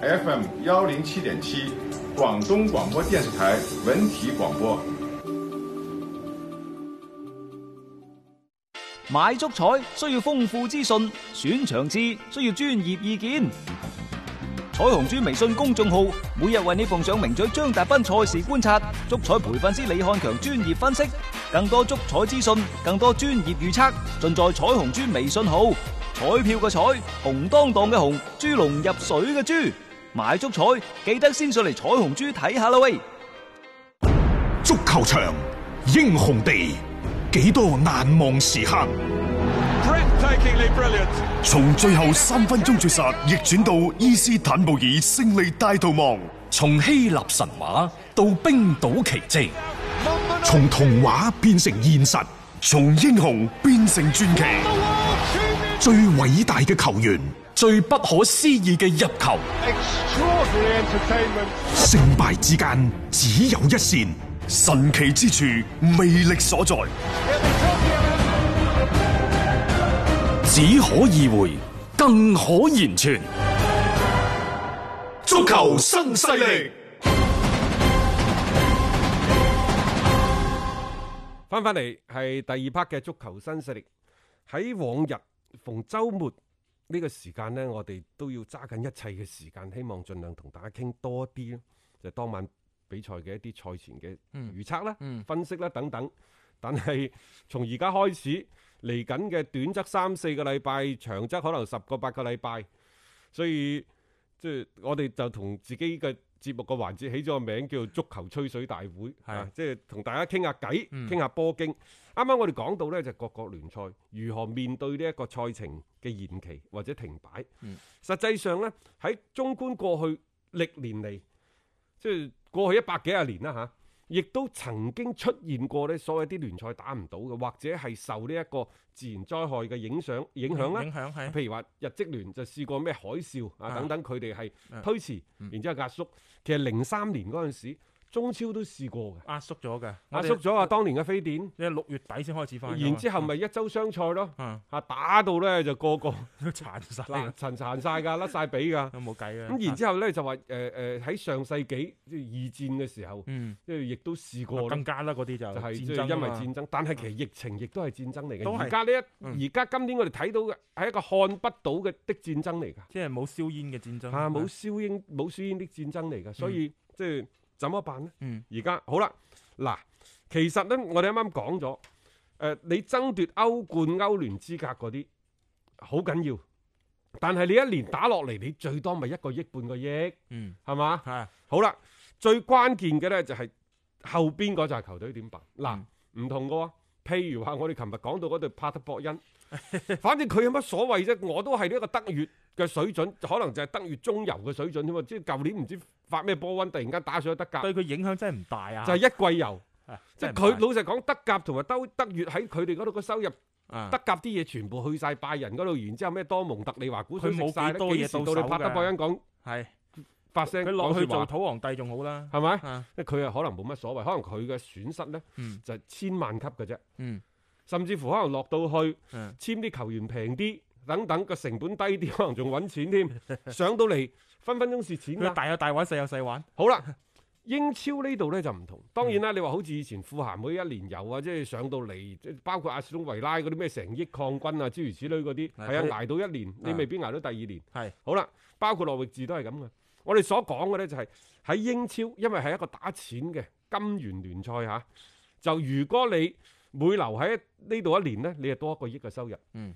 F.M. 幺零七點七，廣東廣播電視台文體廣播。買足彩需要豐富資訊，選場次需要專業意見。彩虹豬微信公眾號每日為你奉上名嘴張達斌賽事觀察，足彩培訓師李漢強專業分析，更多足彩資訊，更多專業預測，盡在彩虹豬微信號。彩票嘅彩，紅當當嘅紅，豬籠入水嘅豬。買足彩記得先上嚟彩虹珠睇下啦喂！足球場，英雄地，幾多難忘時刻。從最後三分鐘絕殺，逆轉到伊斯坦布爾勝利大逃亡，從希臘神話到冰島奇蹟，從童話變成現實，從英雄變成傳奇，最偉大嘅球員。最不可思議嘅入球，勝敗之間只有一線，神奇之處魅力所在，只可意會，更可言傳。足球新勢力，翻翻嚟係第二 part 嘅足球新勢力。喺往日逢周末。呢個時間呢，我哋都要揸緊一切嘅時間，希望儘量同大家傾多啲咯。就當晚比賽嘅一啲賽前嘅預測啦、嗯、分析啦等等。但係從而家開始嚟緊嘅短則三四個禮拜，長則可能十個八個禮拜，所以即係我哋就同自己嘅節目個環節起咗個名叫足球吹水大會，係即係同大家傾下偈，傾、嗯、下波經。啱啱我哋講到咧，就係、各國聯賽如何面對呢一個賽程嘅延期或者停擺、嗯。實際上咧，喺中觀過去歷年嚟，即、就、係、是、過去一百幾廿年啦嚇亦都曾經出現過呢所謂啲聯賽打唔到嘅，或者係受呢一個自然災害嘅影響、嗯、影響呢，影響係譬如話日職聯就試過咩海嘯啊等等，佢哋係推遲，然之後壓縮、嗯，其實零三年嗰陣時。中超都試過嘅，壓縮咗嘅，壓縮咗啊！當年嘅非典，即係六月底先開始翻，然之後咪一周雙賽咯，吓、嗯嗯、打到咧就個個殘晒，殘殘晒噶，甩晒髀噶，冇計嘅。咁、嗯、然後之後咧就話誒誒喺上世紀二戰嘅時候，即係亦都試過了、啊，更加啦嗰啲就係即、就是啊就是、因為戰爭，但係其實疫情亦都係戰爭嚟嘅。到而家呢而家今年我哋睇到嘅係一個看不到嘅的戰爭嚟嘅，即係冇硝煙嘅戰爭吓，冇硝煙冇硝煙的戰爭嚟嘅、啊，所以、嗯、即係。怎麼辦呢？嗯，而家好啦，嗱，其實咧，我哋啱啱講咗，誒、呃，你爭奪歐冠、歐聯資格嗰啲好緊要，但係你一年打落嚟，你最多咪一個億、半個億，嗯，係嘛？係、嗯，好啦，最關鍵嘅咧就係、是、後邊嗰陣球隊點辦？嗱，唔、嗯、同嘅喎，譬如話我哋琴日講到嗰對帕特博恩，反正佢有乜所謂啫？我都係呢一個德乙。嘅水準可能就係德月中遊嘅水準啫嘛，即係舊年唔知發咩波溫，突然間打上去德甲，對佢影響真係唔大、就係、啊！大就係一季遊，即係佢老實講、啊，德甲同埋兜德月喺佢哋嗰度嘅收入，德甲啲嘢全部去晒拜仁嗰度，然之後咩多蒙特利華古水食多嘢幾時到你拍德國人講？係、啊、發聲佢落去做土皇帝仲好啦，係咪？即佢又可能冇乜所謂，可能佢嘅損失咧、嗯、就係、千萬級嘅啫、嗯，甚至乎可能落到去、嗯、簽啲球員平啲。等等個成本低啲，可能仲揾錢添。上到嚟分分鐘蝕錢嘅， [laughs] 大有大玩，細有細玩。好啦， [laughs] 英超呢度咧就唔同。當然啦，嗯、你話好似以前富咸嗰一年有啊，即、就、係、是、上到嚟，包括阿斯隆維拉嗰啲咩成億抗軍啊，諸如此類嗰啲，係啊，捱到一年，你未必捱到第二年。係，好啦，包括諾域治都係咁嘅。我哋所講嘅咧就係、是、喺英超，因為係一個打錢嘅金元聯賽嚇、啊。就如果你每留喺呢度一年咧，你係多一個億嘅收入。嗯。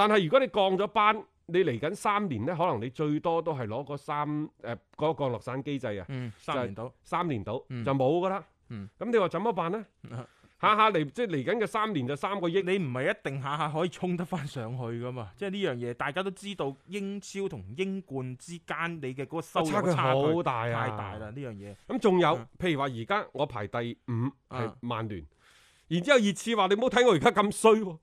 但係如果你降咗班，你嚟緊三年咧，可能你最多都係攞嗰三誒嗰、呃嗰個、降落傘機制啊、嗯，三年到，就是、三年到、嗯、就冇噶啦。咁、嗯、你話怎麼辦咧、嗯？下下嚟即係嚟緊嘅三年就三個億，你唔係一定下下可以衝得翻上去噶嘛？即係呢樣嘢，大家都知道英超同英冠之間你嘅嗰個收差好大、啊、大啊，太大啦呢樣嘢。咁、啊、仲有，譬如話而家我排第五係曼聯、啊，然之後熱刺話你唔好睇我而家咁衰。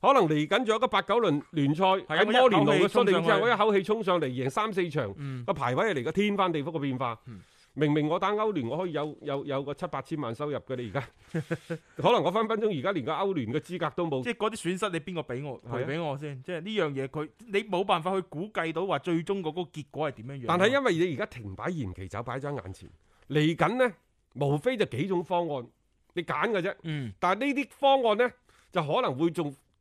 可能嚟緊仲有一個八九輪聯賽喺摩連奴嘅之上，我一口氣衝上嚟贏三四場，個、嗯、排位係嚟個天翻地覆嘅變化、嗯。明明我打歐聯，我可以有有有個七八千萬收入嘅。你而家 [laughs] 可能我分分鐘而家連個歐聯嘅資格都冇，即係嗰啲損失你邊個俾我？賠俾我先。即係呢樣嘢，佢你冇辦法去估計到話最終嗰個結果係點樣樣。但係因為你而家停擺延期就擺咗眼前，嚟緊呢，無非就幾種方案你揀㗎啫。但係呢啲方案呢，就可能會仲。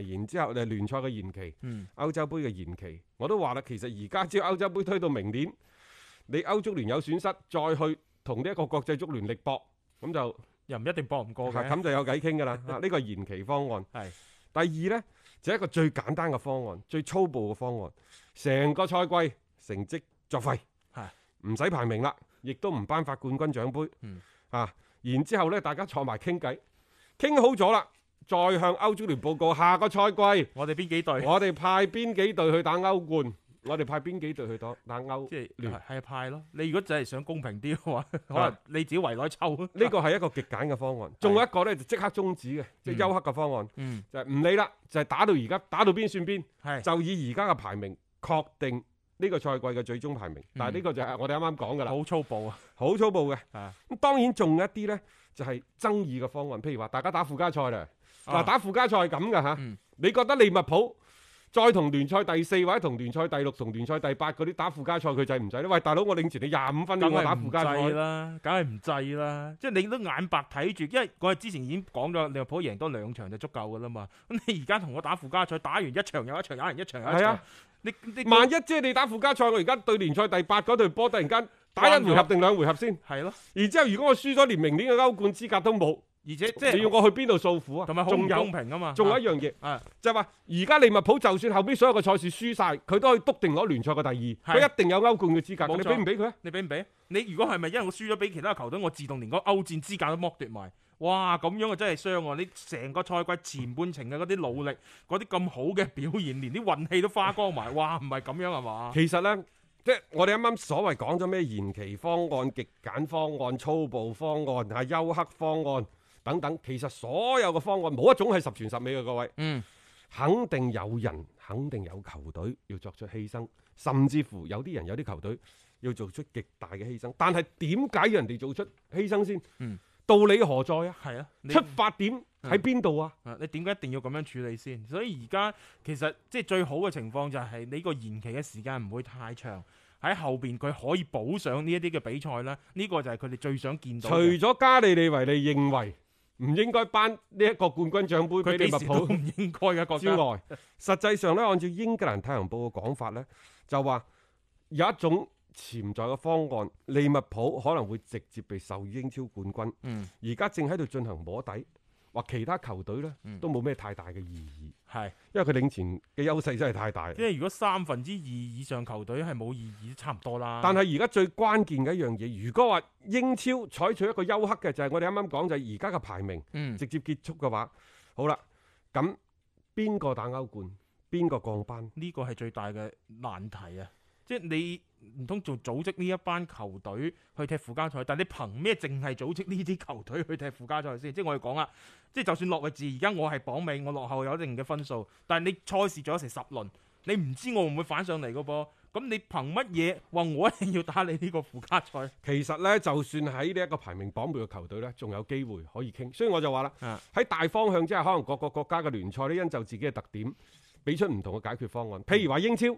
然之後咧聯賽嘅延期，歐洲杯嘅延期，我都話啦，其實而家只要歐洲杯推到明年，你歐足聯有損失，再去同呢一個國際足聯力搏，咁就又唔一定搏唔過嘅。咁就有偈傾㗎啦，呢個延期方案。係第二咧，就一個最簡單嘅方案，最粗暴嘅方案，成個賽季成績作廢，唔使排名啦，亦都唔頒發冠軍獎盃。啊，然之後咧，大家坐埋傾偈，傾好咗啦。再向歐足聯報告，下個賽季我哋邊幾隊？我哋派邊幾隊去打歐冠？我哋派邊幾隊去打打歐？即聯繫派咯。你如果真係想公平啲嘅話，可能你自己圍內抽。呢個係一個極簡嘅方案。仲有一個咧就即刻中止嘅，即係休克嘅方案。嗯，就係、是、唔理啦，就係、是、打到而家，打到邊算邊。就以而家嘅排名確定呢個賽季嘅最終排名。但呢個就係我哋啱啱講㗎啦。好粗暴啊！好粗暴嘅。啊，咁當然仲有一啲咧，就係、是、爭議嘅方案，譬如話大家打附加賽啦。嗱、啊啊，打附加賽係咁㗎吓，你覺得利物浦再同聯賽第四位、同聯賽第六、同聯賽第八嗰啲打附加賽，佢制唔制咧？喂，大佬，我領先你廿五分，我打附加賽啦，梗係唔制啦。即係你都眼白睇住，因為我係之前已經講咗，利物浦贏多兩場就足夠嘅啦嘛。咁你而家同我打附加賽，打完一場又一場，有人一,一場又一場，啊、你你萬一即係你打附加賽，我而家對聯賽第八嗰隊波，突然間打一回合定兩回合先？係咯。然之後，如果我輸咗，連明年嘅歐冠資格都冇。而且即係你要我去邊度訴苦啊？同埋仲有公平啊嘛！仲有一樣嘢、啊，就係話而家利物浦就算後邊所有嘅賽事輸晒，佢、啊、都可以篤定攞聯賽嘅第二，佢一定有歐冠嘅資格。你俾唔俾佢？你俾唔俾？你如果係咪因為我輸咗俾其他球隊，我自動連個歐戰資格都剝奪埋？哇！咁樣啊，真係傷啊！你成個賽季前半程嘅嗰啲努力，嗰啲咁好嘅表現，連啲運氣都花光埋。 [laughs] 哇！唔係咁樣係嘛？其實咧，即、就、係、是、我哋啱啱所謂講咗咩延期方案、極簡方案、粗暴方案、啊休克方案。等等，其實所有嘅方案冇一種係十全十美嘅，各位。嗯，肯定有人，肯定有球隊要作出犧牲，甚至乎有啲人有啲球隊要做出極大嘅犧牲。但係點解要人哋做出犧牲先？嗯，道理何在啊？係啊，出發點喺邊度啊？你點解、啊嗯、一定要咁樣處理先？所以而家其實即係最好嘅情況就係、是、你這個延期嘅時間唔會太長，喺後邊佢可以補上呢一啲嘅比賽啦。呢、這個就係佢哋最想見到。除咗加利利維，你認為、嗯？唔應該頒呢一個冠軍獎盃俾利物浦，唔應該嘅、啊、國家。實際上咧，按照英格蘭太陽報嘅講法咧，就話有一種潛在嘅方案，利物浦可能會直接被授予英超冠軍。嗯，而家正喺度進行摸底。或其他球隊咧都冇咩太大嘅意義，係、嗯，因為佢領前嘅優勢真係太大。即、就、係、是、如果三分之二以上球隊係冇意義，差唔多啦。但係而家最關鍵嘅一樣嘢，如果話英超採取一個休克嘅，就係我哋啱啱講就係而家嘅排名、嗯，直接結束嘅話，好啦，咁邊個打歐冠，邊個降班，呢個係最大嘅難題啊！即係你唔通做組織呢一班球隊去踢附加賽，但係你憑咩淨係組織呢啲球隊去踢附加賽先？即係我哋講啦，即係就算落個字，而家我係榜尾，我落後有一定嘅分數，但係你賽事仲有成十輪，你唔知我會唔會反上嚟嘅噃，咁你憑乜嘢話我一定要打你呢個附加賽？其實呢，就算喺呢一個排名榜末嘅球隊呢，仲有機會可以傾。所以我就話啦，喺大方向之下，可能各個國家嘅聯賽咧，因就自己嘅特點，俾出唔同嘅解決方案。譬如話英超。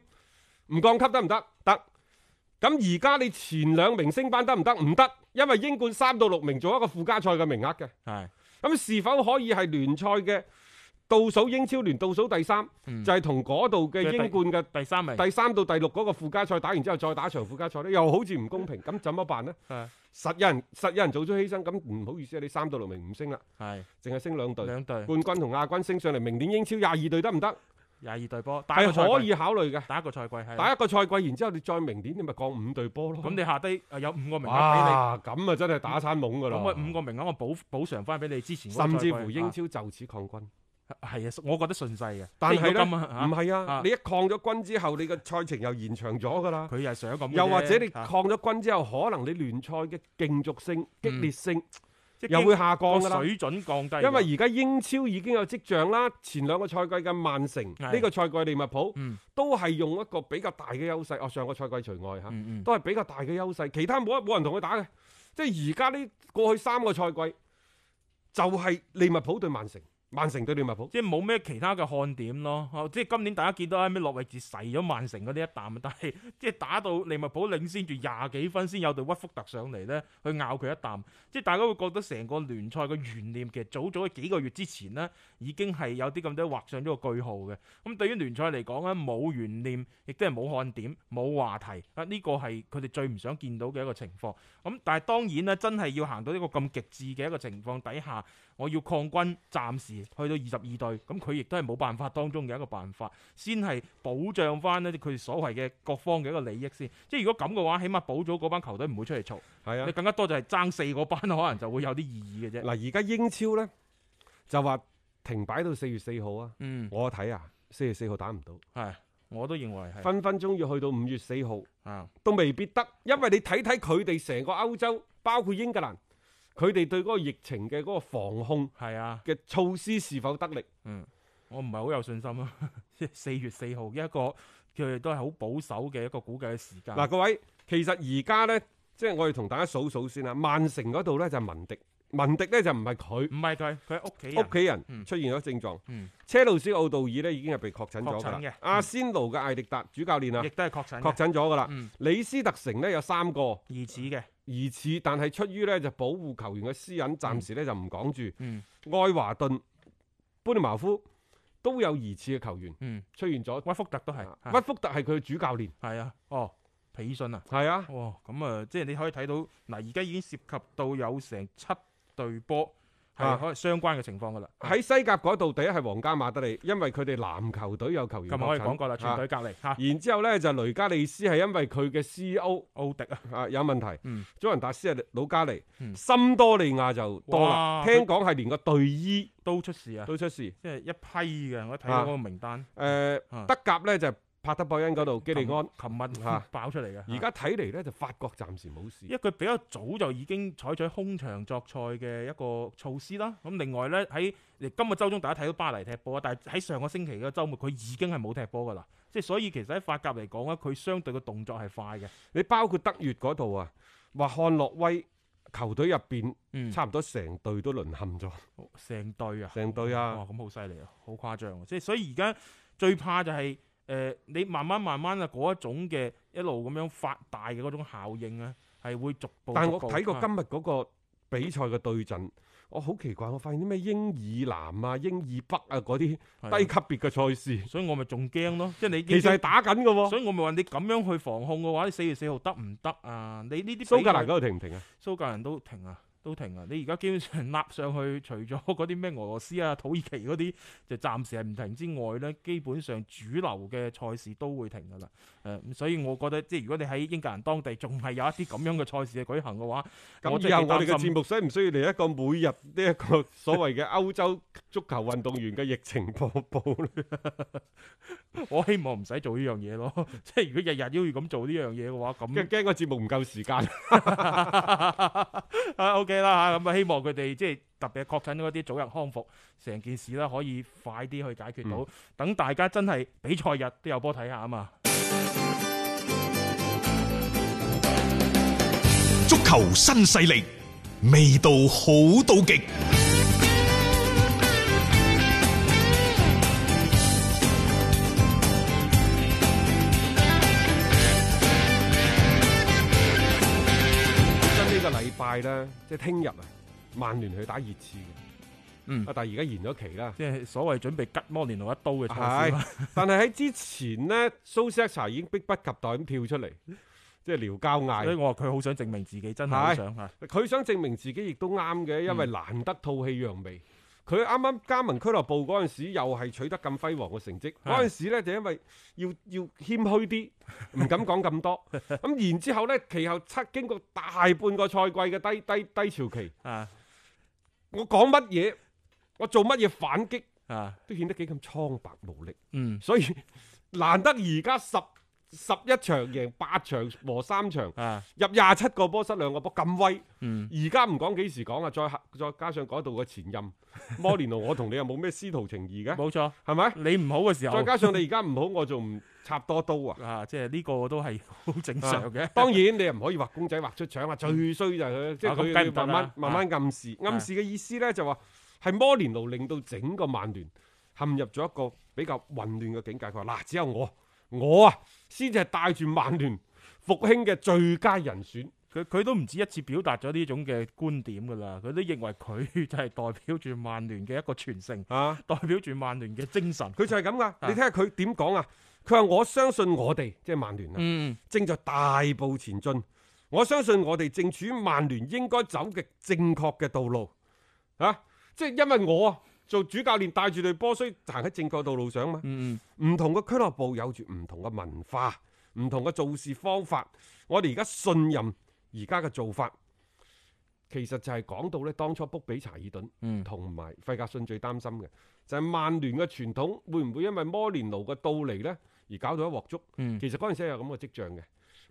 唔降級得唔得？得。咁而家你前兩名升班得唔得？唔得，因為英冠三到六名做一個附加賽嘅名額嘅。係。咁是否可以係聯賽嘅倒數英超聯倒數第三，嗯、就係同嗰度嘅英冠嘅第三名、第三到第六嗰個附加賽打完之後再打場附加賽呢？又好似唔公平，咁怎麼辦呢？係。實有人實有人做咗犧牲，咁唔好意思你三到六名唔升啦。係。淨係升兩隊。兩隊。冠軍同亞軍升上嚟，明年英超廿二隊得唔得？廿二隊波，但係可以考慮嘅打一個賽季，係打一個賽季，季，然之後你再明年你咪降五隊波咯。咁你下低有五個名額俾你。咁啊這樣真係打一餐懵噶啦。咁啊五個名額我補補償翻俾你之前。甚至乎英超就此抗軍，係啊，我覺得順勢嘅。但係咧唔係啊，你一抗咗軍之後，你個賽程又延長咗噶啦。佢又想咁。又或者你抗咗軍之後，啊、可能你聯賽嘅競逐性激烈性。嗯又會下降噶啦，因為而家英超已經有跡象啦。前兩個賽季嘅曼城，呢個賽季利物浦都係用一個比較大嘅優勢。哦，上個賽季除外吓，都係比較大嘅優勢。其他冇一冇人同佢打嘅。即係而家呢過去三個賽季就係利物浦對曼城。曼城對利物浦，即係冇咩其他嘅看點咯，即係今年大家見到喺咩諾維治洗咗曼城嗰啲一啖，但係即係打到利物浦領先住廿幾分先有對屈福特上嚟咧，去咬佢一啖，即係大家會覺得成個聯賽嘅懸念其實早咗幾個月之前咧，已經係有啲咁多畫上咗個句號嘅。咁對於聯賽嚟講咧，冇懸念亦都係冇看點、冇話題啊，呢個係佢哋最唔想見到嘅一個情況。咁但係當然啦，真係要行到一個咁極致嘅一個情況底下，我要抗軍暫時。去到二十二隊，咁佢亦都係冇辦法當中嘅一個辦法，先係保障翻佢所謂嘅各方嘅一個利益先。即係如果咁嘅話，起碼保咗嗰班球隊唔會出嚟嘈。係啊，你更加多就係爭四個班，可能就會有啲異議嘅啫。嗱，而家英超呢，就話停擺到四月四號啊。嗯，我睇啊，四月四號打唔到。係、啊，我都認為。分分鐘要去到五月四號啊，都未必得，因為你睇睇佢哋成個歐洲，包括英格蘭。佢哋對嗰個疫情嘅嗰個防控係啊嘅措施是否得力？嗯，我唔係好有信心啊！四月四號一個，佢哋都係好保守嘅一個估計嘅時間。嗱、啊，各位，其實而家咧，即、就、係、是、我哋同大家數數先啦。曼城嗰度咧就是文迪，文迪咧就唔係佢，唔係佢，佢屋企屋企人出現咗症狀。嗯，嗯，車路士奧道爾呢已經係被確診咗㗎啦。阿仙奴嘅艾迪達主教練啊，亦都係確診，確診咗㗎啦。李、嗯、斯特城咧有三個疑似嘅。疑似，但係出於咧就保護球員嘅私隱，暫時咧就唔講住。嗯，愛華頓、般尼茅夫都有疑似嘅球員、嗯、出現咗，屈福特都係，屈福特，啊，屈福特係佢嘅主教練。係啊，哦，皮爾遜啊，係啊，哇、哦，咁啊、呃，即係你可以睇到，嗱，而家已經涉及到有成七隊波。啊，可以相關嘅情況噶啦。喺西甲嗰度，第一係皇家馬德里，因為佢哋籃球隊有球員確診。琴日我哋講過啦，全隊隔離。嚇、啊啊，然之後咧就雷加利斯係因為佢嘅 CEO 奧迪啊，啊有問題。嗯。祖雲達斯係魯加尼，森、嗯、多利亞就多啦，聽講係連個隊醫都出事啊，都出事、啊，即係一批嘅。我睇到嗰個名單。誒、啊呃啊，德甲咧就。帕德博恩嗰度，基利安，琴日嚇爆出嚟嘅。而家睇嚟咧，就法國暫時冇事，因為佢比較早就已經採取空場作賽嘅一個措施啦。咁另外咧，喺今日周中大家睇到巴黎踢波，但係喺上個星期嘅週末，佢已經係冇踢波噶啦。即係所以其實喺法甲嚟講咧，佢相對嘅動作係快嘅。你包括德乙嗰度啊，話漢諾威球隊入邊，差唔多成隊都淪陷咗，成隊啊、嗯，成隊啊，啊，哇！咁好犀利啊，好誇張啊。即係所以而家最怕就係、是。誒、呃，你慢慢慢慢啊，嗰一種嘅一路咁樣發大嘅嗰種效應啊，係會逐步，逐步。但係我睇過今日嗰個比賽嘅對陣，我好奇怪，我發現啲咩英以南啊、英以北啊嗰啲低級別嘅賽事，是的，所以我咪仲驚咯。即係你其實係打緊嘅喎，所以我咪話你咁樣去防控嘅話，你四月四號得唔得啊？你呢啲蘇格蘭嗰度停唔停啊？蘇格蘭都停啊。都停啊！你而家基本上納上去，除咗嗰啲咩俄羅斯啊、土耳其嗰啲，就暫時係唔停之外咧，基本上主流嘅賽事都會停噶啦。誒，所以我覺得，即係如果你喺英格蘭當地仲係有一啲咁樣嘅賽事嘅舉行嘅話，咁以後我哋嘅節目需唔需要嚟一個每日呢一個所謂嘅歐洲足球運動員嘅疫情報告咧？我希望唔使做呢樣嘢咯。即係如果日日都要咁做呢樣嘢嘅話，咁驚驚個節目唔夠時間啊！OK。啦嚇，咁啊希望佢哋即係特別係確診嗰啲早日康復，成件事啦，可以快啲去解決到，等、嗯、大家真係比賽日都有波睇下啊嘛！足球新勢力，味道好到極。係啦，即係聽日啊，曼聯去打熱刺嘅，嗯，啊，但係而家延咗期啦，即係所謂準備吉摩連奴一刀嘅，係，但係喺之前咧，蘇塞查已經迫不及待咁跳出嚟，即係撩交嗌，所以我話佢好想證明自己真係想啊，佢想證明自己亦都啱嘅，因為難得吐氣揚眉。嗯佢啱啱加盟俱樂部嗰陣時，又係取得咁輝煌嘅成績。嗰陣時咧，就因為要要謙虛啲，唔敢講咁多。咁 [laughs] 然之後咧，其後七經過大半個賽季嘅低低低潮期啊，是的我講乜嘢，我做乜嘢反擊啊，是的都顯得幾咁蒼白無力。嗯，所以難得而家十十一場贏八場和三場，入廿七個波失兩個波，咁威。而家唔講幾時講啊？再加再加上嗰度嘅前任摩連奴，我同你又冇咩師徒情誼嘅，冇錯，係咪？你唔好嘅時候，再加上你而家唔好，我仲唔插多刀啊！啊，即係呢個都係好正常嘅。當然你又唔可以畫公仔畫出腸啊！最衰就係佢，即係慢慢慢慢暗示，暗示嘅意思咧就話係摩連奴令到整個曼聯陷入咗一個比較混亂嘅境界。佢話嗱，只有我。我啊，先至係帶住曼聯復興嘅最佳人選，佢佢都唔止一次表達咗呢種嘅觀點噶啦，佢都認為佢就係代表住曼聯嘅一個傳承啊，代表住曼聯嘅精神，佢就係咁噶。你睇下佢點講啊？佢話，我相信我哋，即係曼聯啊，正在大步前進，嗯。我相信我哋正處於曼聯應該走嘅正確嘅道路啊，即係因為我啊。做主教練帶住隊波，需行喺正確道路上嘛？唔、嗯嗯、同嘅俱樂部有住唔同嘅文化，唔同嘅做事方法。我哋而家信任而家嘅做法，其實就係講到咧當初卜比查爾頓，同埋費格遜最擔心嘅，就係曼聯嘅傳統會唔會因為摩連奴嘅到嚟咧，而搞到一鑊粥？其實嗰陣時係有咁嘅跡象嘅。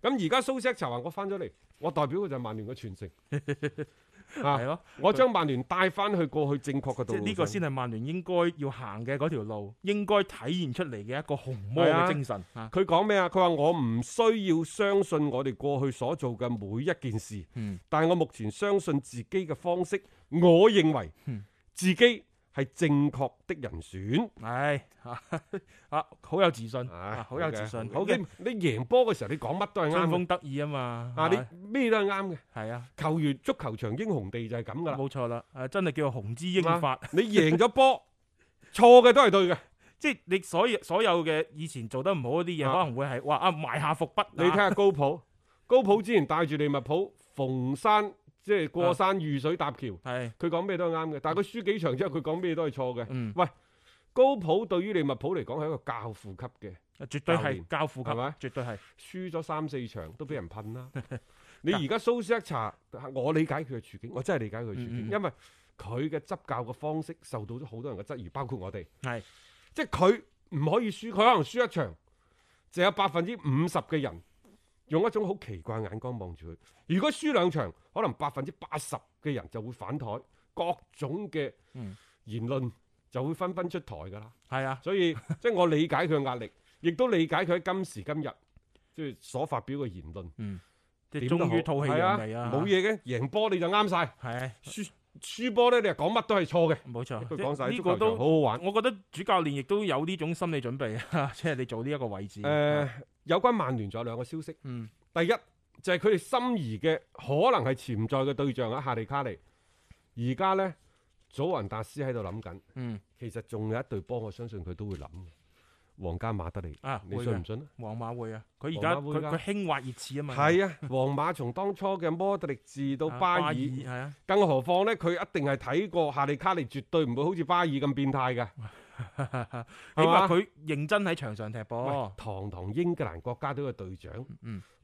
咁而家蘇斯查話我翻咗嚟，我代表嘅就係曼聯嘅傳承。 [laughs] 係 [laughs] 咯、啊，我將曼聯帶翻去過去正確嘅道路，呢、呢個先係曼聯應該要行嘅嗰條路，應該體現出嚟嘅一個紅魔嘅精神。佢講咩啊？佢、啊、話我唔需要相信我哋過去所做嘅每一件事，嗯、但係我目前相信自己嘅方式，我認為自己。係正確的人選，係、哎、啊好有自信，好有自信，哎啊、好嘅、okay。你贏波嘅時候你，你講乜都係啱，風得意啊嘛。啊，你咩都係啱嘅，係啊。球員足球場英雄地就係咁噶，冇錯啦。啊，真係叫做雄姿英發」啊。你贏咗波， [laughs] 錯嘅都係對嘅，即、就、係、是、你所有所有嘅以前做得唔好嗰啲嘢，可能會係話啊，哇啊埋下伏筆、啊。你睇下高普， [laughs] 高普之前帶住利物浦逢山。即係過山遇水搭橋，佢講咩都係啱嘅。但係佢輸幾場之後，佢講咩都係錯嘅。喂，高普對於利物浦嚟講係一個教父級嘅，絕對係教父級，係咪？絕對係。輸咗三四場都俾人噴啦。 [laughs] 你而家蘇斯克查，我理解佢嘅處境，我真係理解佢嘅處境，嗯嗯嗯，因為佢嘅執教嘅方式受到咗好多人嘅質疑，包括我哋。係，即係佢唔可以輸，佢可能輸一場，就有百分之五十嘅人。用一種好奇怪嘅眼光望住佢。如果輸兩場，可能百分之八十嘅人就會反台，各種嘅言論就會紛紛出台㗎啦。係、嗯、啊，所以即係、就是、我理解佢嘅壓力，亦 [laughs] 都理解佢喺今時今日即係、就是、所發表嘅言論。嗯，點都要吐氣入嚟啊！冇嘢嘅，贏波你就啱晒，係、啊，輸輸波咧，你係講乜都係錯嘅。冇錯，佢講晒。呢、這個都好好玩。我覺得主教練亦都有呢種心理準備啊，即 [laughs] 係你做呢一個位置。誒、呃。有關曼聯仲有兩個消息，嗯、第一就係佢哋心儀嘅可能係潛在嘅對象啊，夏利卡尼。而家咧，祖雲達斯喺度諗緊。嗯，其實仲有一隊波，我相信佢都會諗。皇家馬德里、啊，你信唔信咧？皇、啊啊、馬會啊，佢而家佢輕滑熱刺啊嘛。係啊，皇、啊、馬從、啊啊啊、當初嘅摩德里茨到巴爾、啊啊，更何況咧，佢一定係睇過夏利卡尼，絕對唔會好似巴爾咁變態嘅。起碼佢認真喺場上踢波，堂堂英格蘭國家隊嘅隊長，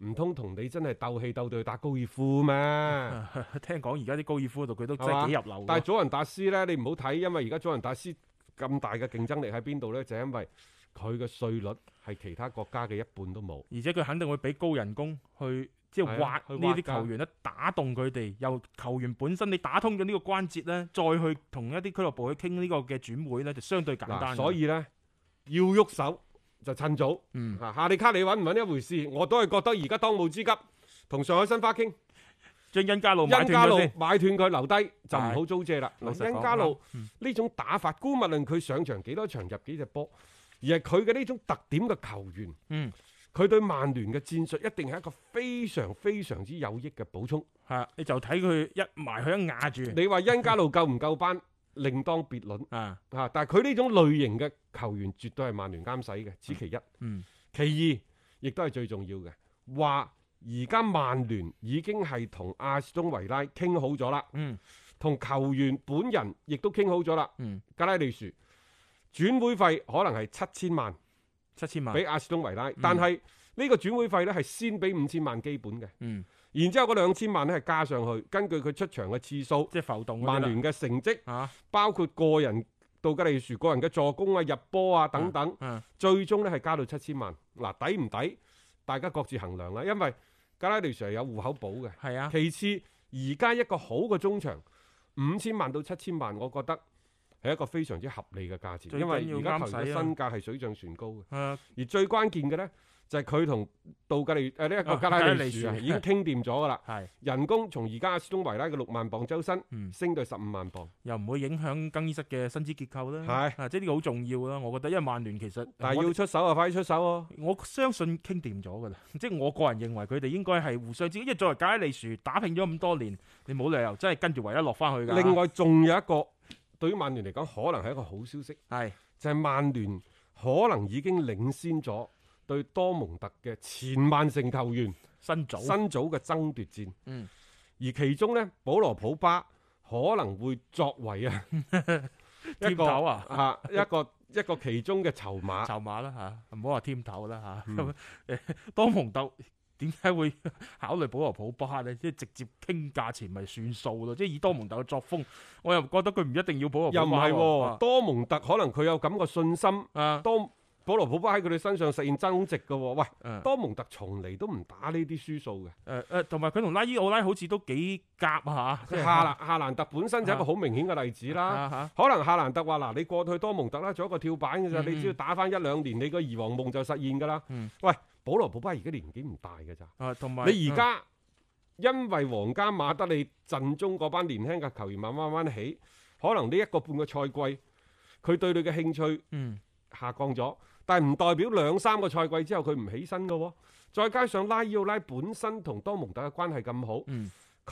唔通同你真係鬥氣鬥對去打高爾夫咩？ [laughs] 聽講而家啲高爾夫度佢都真係幾入流。但係祖雲達斯咧，你唔好睇，因為而家祖雲達斯咁大嘅競爭力喺邊度咧？就係因為佢嘅稅率係其他國家嘅一半都冇，而且佢肯定會俾高人工去。即、就、係、是、挖呢啲球員咧、啊，打動佢哋。由球員本身，你打通咗呢個關節咧，再去同一啲俱樂部去傾呢個嘅轉會咧，就相對簡單的。所以咧，要喐手就趁早。嚇、嗯，夏利卡你揾唔揾，一回事，我都係覺得而家當務之急，同上海申花傾將殷加路，殷加路，殷加路買斷佢留低就唔好租借啦。殷加路，呢種打法，姑勿論佢上場，多場幾多場入幾隻波，而係佢嘅呢種特點嘅球員。嗯。佢對曼聯嘅戰術一定係一個非常非常之有益嘅補充，係你就睇佢一埋佢一壓住。你話恩加路夠唔夠班，另當別論啊！啊！但係佢呢種類型嘅球員絕對係曼聯啱使嘅，此其一。嗯，其二亦都係最重要嘅。話而家曼聯已經係同阿斯東維拉傾好咗啦。嗯，同球員本人亦都傾好咗啦。嗯，格拉利殊轉會費可能係七千萬。七千萬俾阿斯頓維拉，嗯、但係呢個轉會費咧係先俾五千萬基本嘅，嗯，然之後嗰兩千萬咧係加上去，根據佢出場嘅次數，即係浮動嘅。曼聯嘅成績，吓、啊、包括個人到嘉利殊個人嘅助攻啊、入波啊等等，啊、最終咧係加到七千萬。嗱、啊，抵唔抵？大家各自衡量啦。因為加拉利殊係有戶口簿嘅，係啊。其次，而家一個好嘅中場五千萬到七千萬，我覺得。係一個非常之合理嘅價錢，因為而家球員嘅身價係水漲船高嘅。而最關鍵嘅咧，就係佢同道格利，誒呢一個格拉利殊啊，已經傾掂咗噶啦。係人工從而家阿斯東維拉嘅六萬磅周薪，升到十五萬磅，又唔會影響更衣室嘅薪資結構啦。係啊，即係呢個好重要啦，我覺得，因為曼聯其實但係要出手啊，快啲出手哦！我相信傾掂咗噶啦，即係我個人認為佢哋應該係互相知，因為作為格拉利殊打拼咗咁多年，你冇理由真係跟住唯一落翻去噶。另外仲有一個。對於曼聯嚟講，可能係一個好消息。係就係、是、曼聯可能已經領先咗對多蒙特嘅前曼城球員辛祖、辛祖嘅爭奪戰。嗯，而其中咧，保羅普巴可能會作為啊一個 [laughs] 添頭啊 [laughs] 一個一個，一個其中嘅籌碼籌碼啦，吓，唔好話添頭啦吓。誒、啊，嗯、 [laughs] 多蒙特。點解會考慮保羅普巴呢？即係直接傾價錢咪算數咯！即係以多蒙特嘅作風，我又覺得佢唔一定要保羅普巴。又唔係、啊、多蒙特，可能佢有咁嘅信心。啊、多保羅普巴喺佢哋身上實現增值嘅。喂，多蒙特從嚟都唔打呢啲輸數嘅。誒、啊、誒，同埋佢同拉伊奧拉好似都幾夾下。夏、就是、夏蘭特本身就係一個好明顯嘅例子啦、啊啊。可能夏蘭特話嗱，你過去多蒙特啦，做一個跳板嘅啫。你只要打返一兩年，你個二王夢就實現㗎啦、嗯。喂。保羅·普巴而家年紀唔大㗎咋？啊，同埋你而家因為皇家馬德里陣中嗰班年輕嘅球員慢慢慢起，可能呢一個半個賽季佢對你嘅興趣下降咗、嗯，但係唔代表兩三個賽季之後佢唔起身噶、哦。再加上拉伊奧拉本身同多蒙特嘅關係咁好，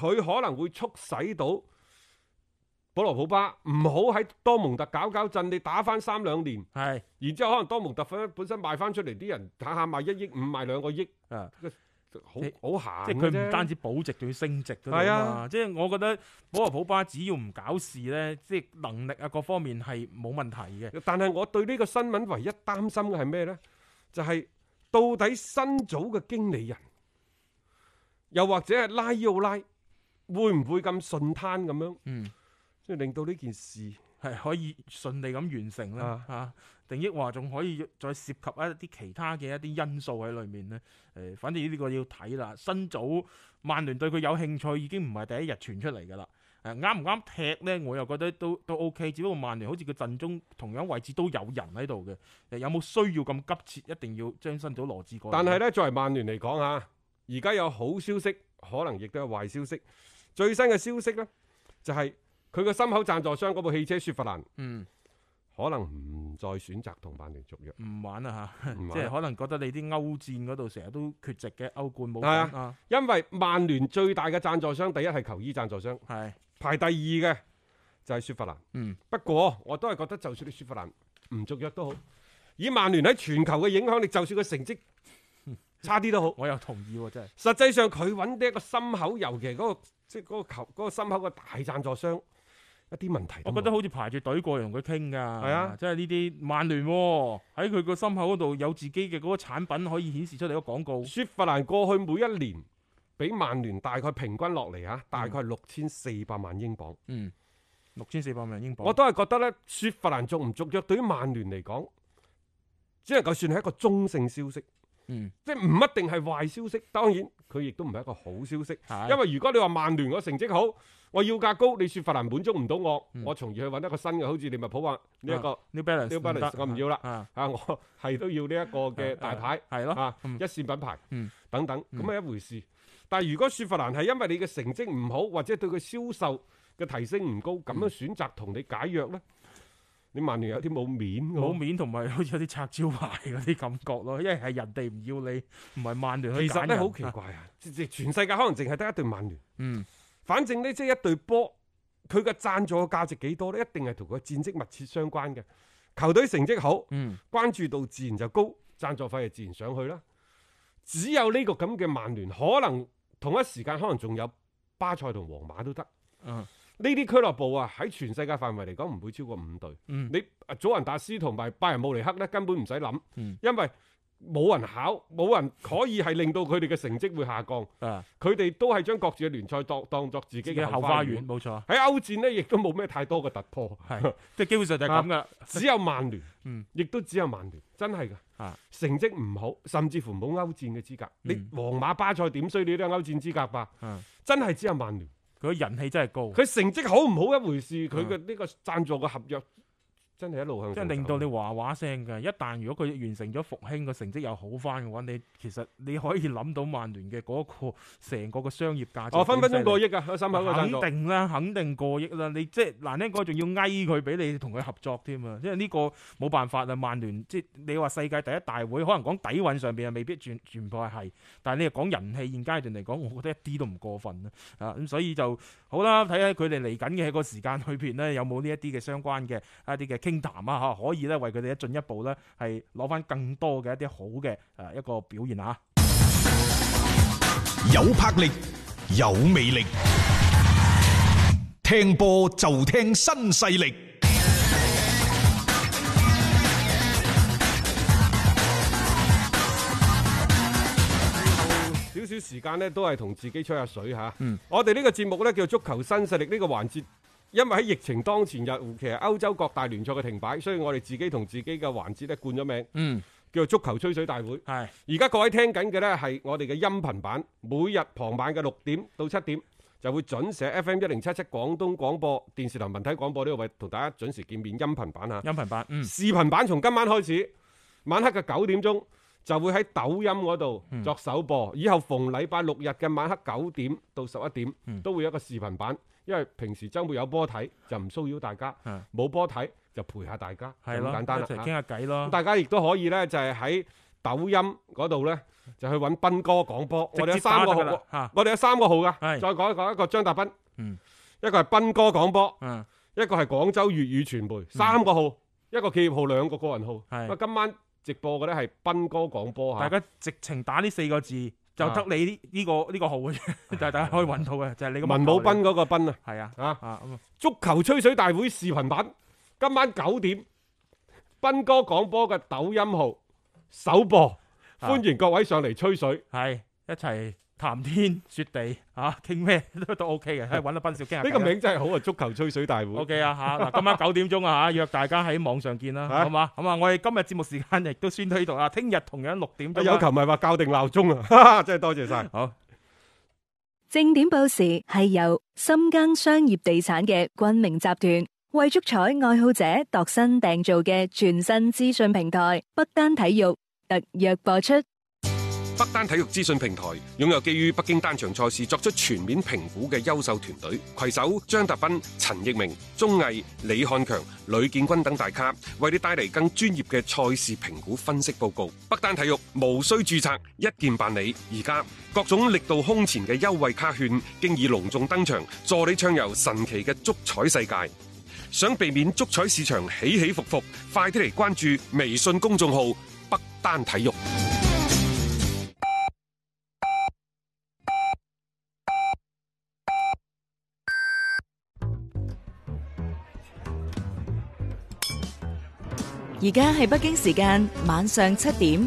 佢可能會促使到。保羅普巴唔好喺多蒙特搞搞震，你打翻三兩年，係，然之後可能多蒙特分本身賣翻出嚟，啲人下下賣一億五，賣兩個億啊，好好閒，即係佢唔單止保值仲要升值，啊，係啊，即係我覺得保羅普巴只要唔搞事咧，即係能力啊各方面係冇問題嘅。但係我對呢個新聞唯一擔心嘅係咩咧？就係，是，到底新組嘅經理人，又或者係拉伊奧拉，會唔會咁順攤咁樣？嗯令到呢件事係可以順利咁完成咧嚇、啊啊。定益話仲可以再涉及一啲其他嘅一啲因素喺裏面呢誒、呃，反正呢個要睇啦。新組，曼聯對佢有興趣已經唔係第一日傳出嚟噶啦。啱唔啱踢呢？我又覺得都都 O K。只不過曼聯好似個陣中同樣位置都有人喺度嘅。有冇需要咁急切一定要將新組羅致過？但係呢，作為曼聯嚟講嚇，而家有好消息，可能亦都有壞消息。最新嘅消息呢、就係，就係。佢個心口贊助商嗰部汽車雪佛蘭，嗯，可能唔再選擇同曼聯續約，唔玩啦吓，即係可能覺得你啲歐戰嗰度成日都缺席嘅歐冠冇，係啊，啊，因為曼聯最大嘅贊助商第一係球衣贊助商，係排第二嘅就係雪佛蘭，嗯，不過我都係覺得，就算你雪佛蘭唔續約都好，以曼聯喺全球嘅影響力，就算佢成績差啲都好，嗯，我有同意喎，啊，真係。實際上佢揾啲一個心口尤其嗰個，即係嗰個球、嗰個心口嘅大贊助商。一啲問題，我覺得好似排住隊過嚟同佢傾㗎，係啊，即係呢啲曼聯喺佢個心口嗰度有自己嘅嗰個產品可以顯示出嚟個廣告。雪佛蘭過去每一年俾曼聯大概平均落嚟嚇，大概六千四百萬英鎊。嗯，六千四百萬英鎊，我都係覺得呢，雪佛蘭續唔續約對於曼聯嚟講，只能夠算係一個中性消息。嗯，即係唔一定係壞消息。當然，佢亦都唔係一個好消息，啊、因為如果你話曼聯個成績好。我要價高，你雪佛蘭滿足唔到我，嗯、我從而去揾一個新嘅，好似利物浦話呢一個 New Balance 我唔要啦，吓、啊啊啊、我係都要呢一個嘅大牌，係、啊、咯，吓、啊嗯、一線品牌，嗯、等等咁啊一回事。嗯、但係如果雪佛蘭係因為你嘅成績唔好，或者對佢銷售嘅提升唔高，咁樣選擇同你解約咧、嗯，你曼聯有啲冇面，冇面同埋好似有啲拆招牌嗰啲感覺咯，因為係人哋唔要你，唔係曼聯去解約。其實咧好奇怪啊，全世界可能淨係得一隊曼聯。嗯。反正呢，即係一隊波，佢嘅贊助嘅價值幾多呢？一定係同佢戰績密切相關嘅。球隊成績好，嗯，關注度自然就高，贊助費就自然上去啦。只有呢個咁嘅曼聯，可能同一時間可能仲有巴塞同皇馬都得。嗯，呢啲俱樂部啊，喺全世界範圍嚟講，唔會超過五隊，嗯。你祖雲達斯同埋拜仁慕尼克呢，根本唔使諗。因為。冇人考，冇人可以係令到佢哋嘅成績會下降。佢、啊、哋都係將各自嘅聯賽當當作自己嘅後花園，冇錯。喺歐戰呢，亦都冇咩太多嘅突破，係即基本上就係咁啦。只有曼聯，亦、嗯、都只有曼聯，真係噶、啊。成績唔好，甚至乎冇歐戰嘅資格、嗯。你皇馬巴塞點衰？怎你都有歐戰資格吧、啊？真係只有曼聯，佢嘅人氣真係高，佢成績好唔好一回事。佢嘅呢個贊助嘅合約。真係一路去，即、就、係、是、令到你話話聲嘅。一旦如果佢完成咗復興，個成績又好翻嘅話，你其實你可以諗到曼聯嘅嗰個成個嘅商業價值。哦，分分鐘過億㗎，三肯，肯定啦，肯定過億啦。你即係難聽講，仲要嗌佢俾你同佢合作添啊！因為呢個冇辦法啊，曼聯即係你話世界第一大會，可能講底蘊上邊啊，未必全全部係。但係你又講人氣，現階段嚟講，我覺得一啲都唔過分啊！啊，咁所以就好啦，睇下佢哋嚟緊嘅個時間裏邊咧，有冇呢一啲嘅相關嘅一啲嘅傾談啊，吓可以咧，為佢哋一進一步咧，係攞翻更多嘅一啲好嘅誒一個表現吓，有魄力，有魅力，聽波就聽新勢力。少少時間咧，都係同自己吹下水吓。嗯，我哋呢個節目咧叫足球新勢力呢個環節。因為喺疫情當前日，其實歐洲各大聯賽嘅停擺，所以我哋自己同自己嘅環節咧冠咗名，嗯，叫做足球吹水大會。係，而家各位聽緊嘅呢係我哋嘅音頻版，每日傍晚嘅六點到七點就會準時喺 FM 一零七七廣東廣播電視台文體廣播呢個位同大家準時見面。音頻版啊，音頻版，嗯，視頻版從今晚開始，晚黑嘅九點鐘就會喺抖音嗰度作首播。嗯，以後逢禮拜六日嘅晚黑九點到十一點都會有一個視頻版。因為平時周末有波睇，就唔騷擾大家；冇波睇就陪下大家，咁簡單啦。一齊傾下偈咯。大家亦都可以咧，就係喺抖音嗰度咧，就去揾斌哥講波。我哋有三個號，啊、我哋有三個號噶。再講一講、嗯，一個張達斌，一個係斌哥講波，一個係廣州粵語傳媒，三個號、嗯，一個企業號，兩個個人號。今晚直播嘅咧係斌哥講波吓。大家直情打呢四個字。就得你呢個呢個號嘅， [laughs] [laughs] 就係大家可以揾到嘅。 [laughs] 就係你個文武斌嗰個斌啊，係啊，啊足球吹水大會視頻版，今晚九點，斌哥廣播嘅抖音號首播，歡迎各位上嚟吹水，係、啊、一齊。談天說地啊，傾咩都都 OK 嘅，喺搵阿斌少傾。呢個名真係好啊！足球吹水大會。OK 啊吓，嗱，今晚九點鐘啊吓，約大家喺網上見啦，好嘛，好啊，我哋今日節目時間亦都宣推到啊，聽日同樣六點鐘。有球咪話校定鬧鐘啊，真係多謝晒。好，正點報時係由深耕商業地產嘅君明集團為足彩愛好者度身訂造嘅全新資訊平台，不單體育特約播出。北單體育資訊平台擁有基於北京單場賽事作出全面評估嘅優秀團隊，攜手張達斌、陳奕明、鍾毅、李漢強、呂建軍等大咖，為你帶嚟更專業嘅賽事評估分析報告。北單體育無需注冊，一鍵辦理。而家各種力度空前嘅優惠卡券，經已隆重登場，助你暢遊神奇嘅足彩世界。想避免足彩市場起起伏伏，快啲嚟關注微信公眾號北單體育。而家係北京時間晚上七點，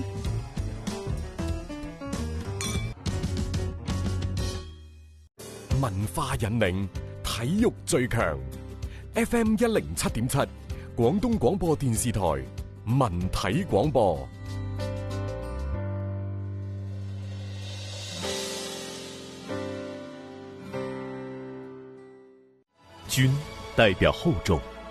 文化引領，體育最強。FM 一零七點七，廣東廣播電視台文體廣播。君代表厚重，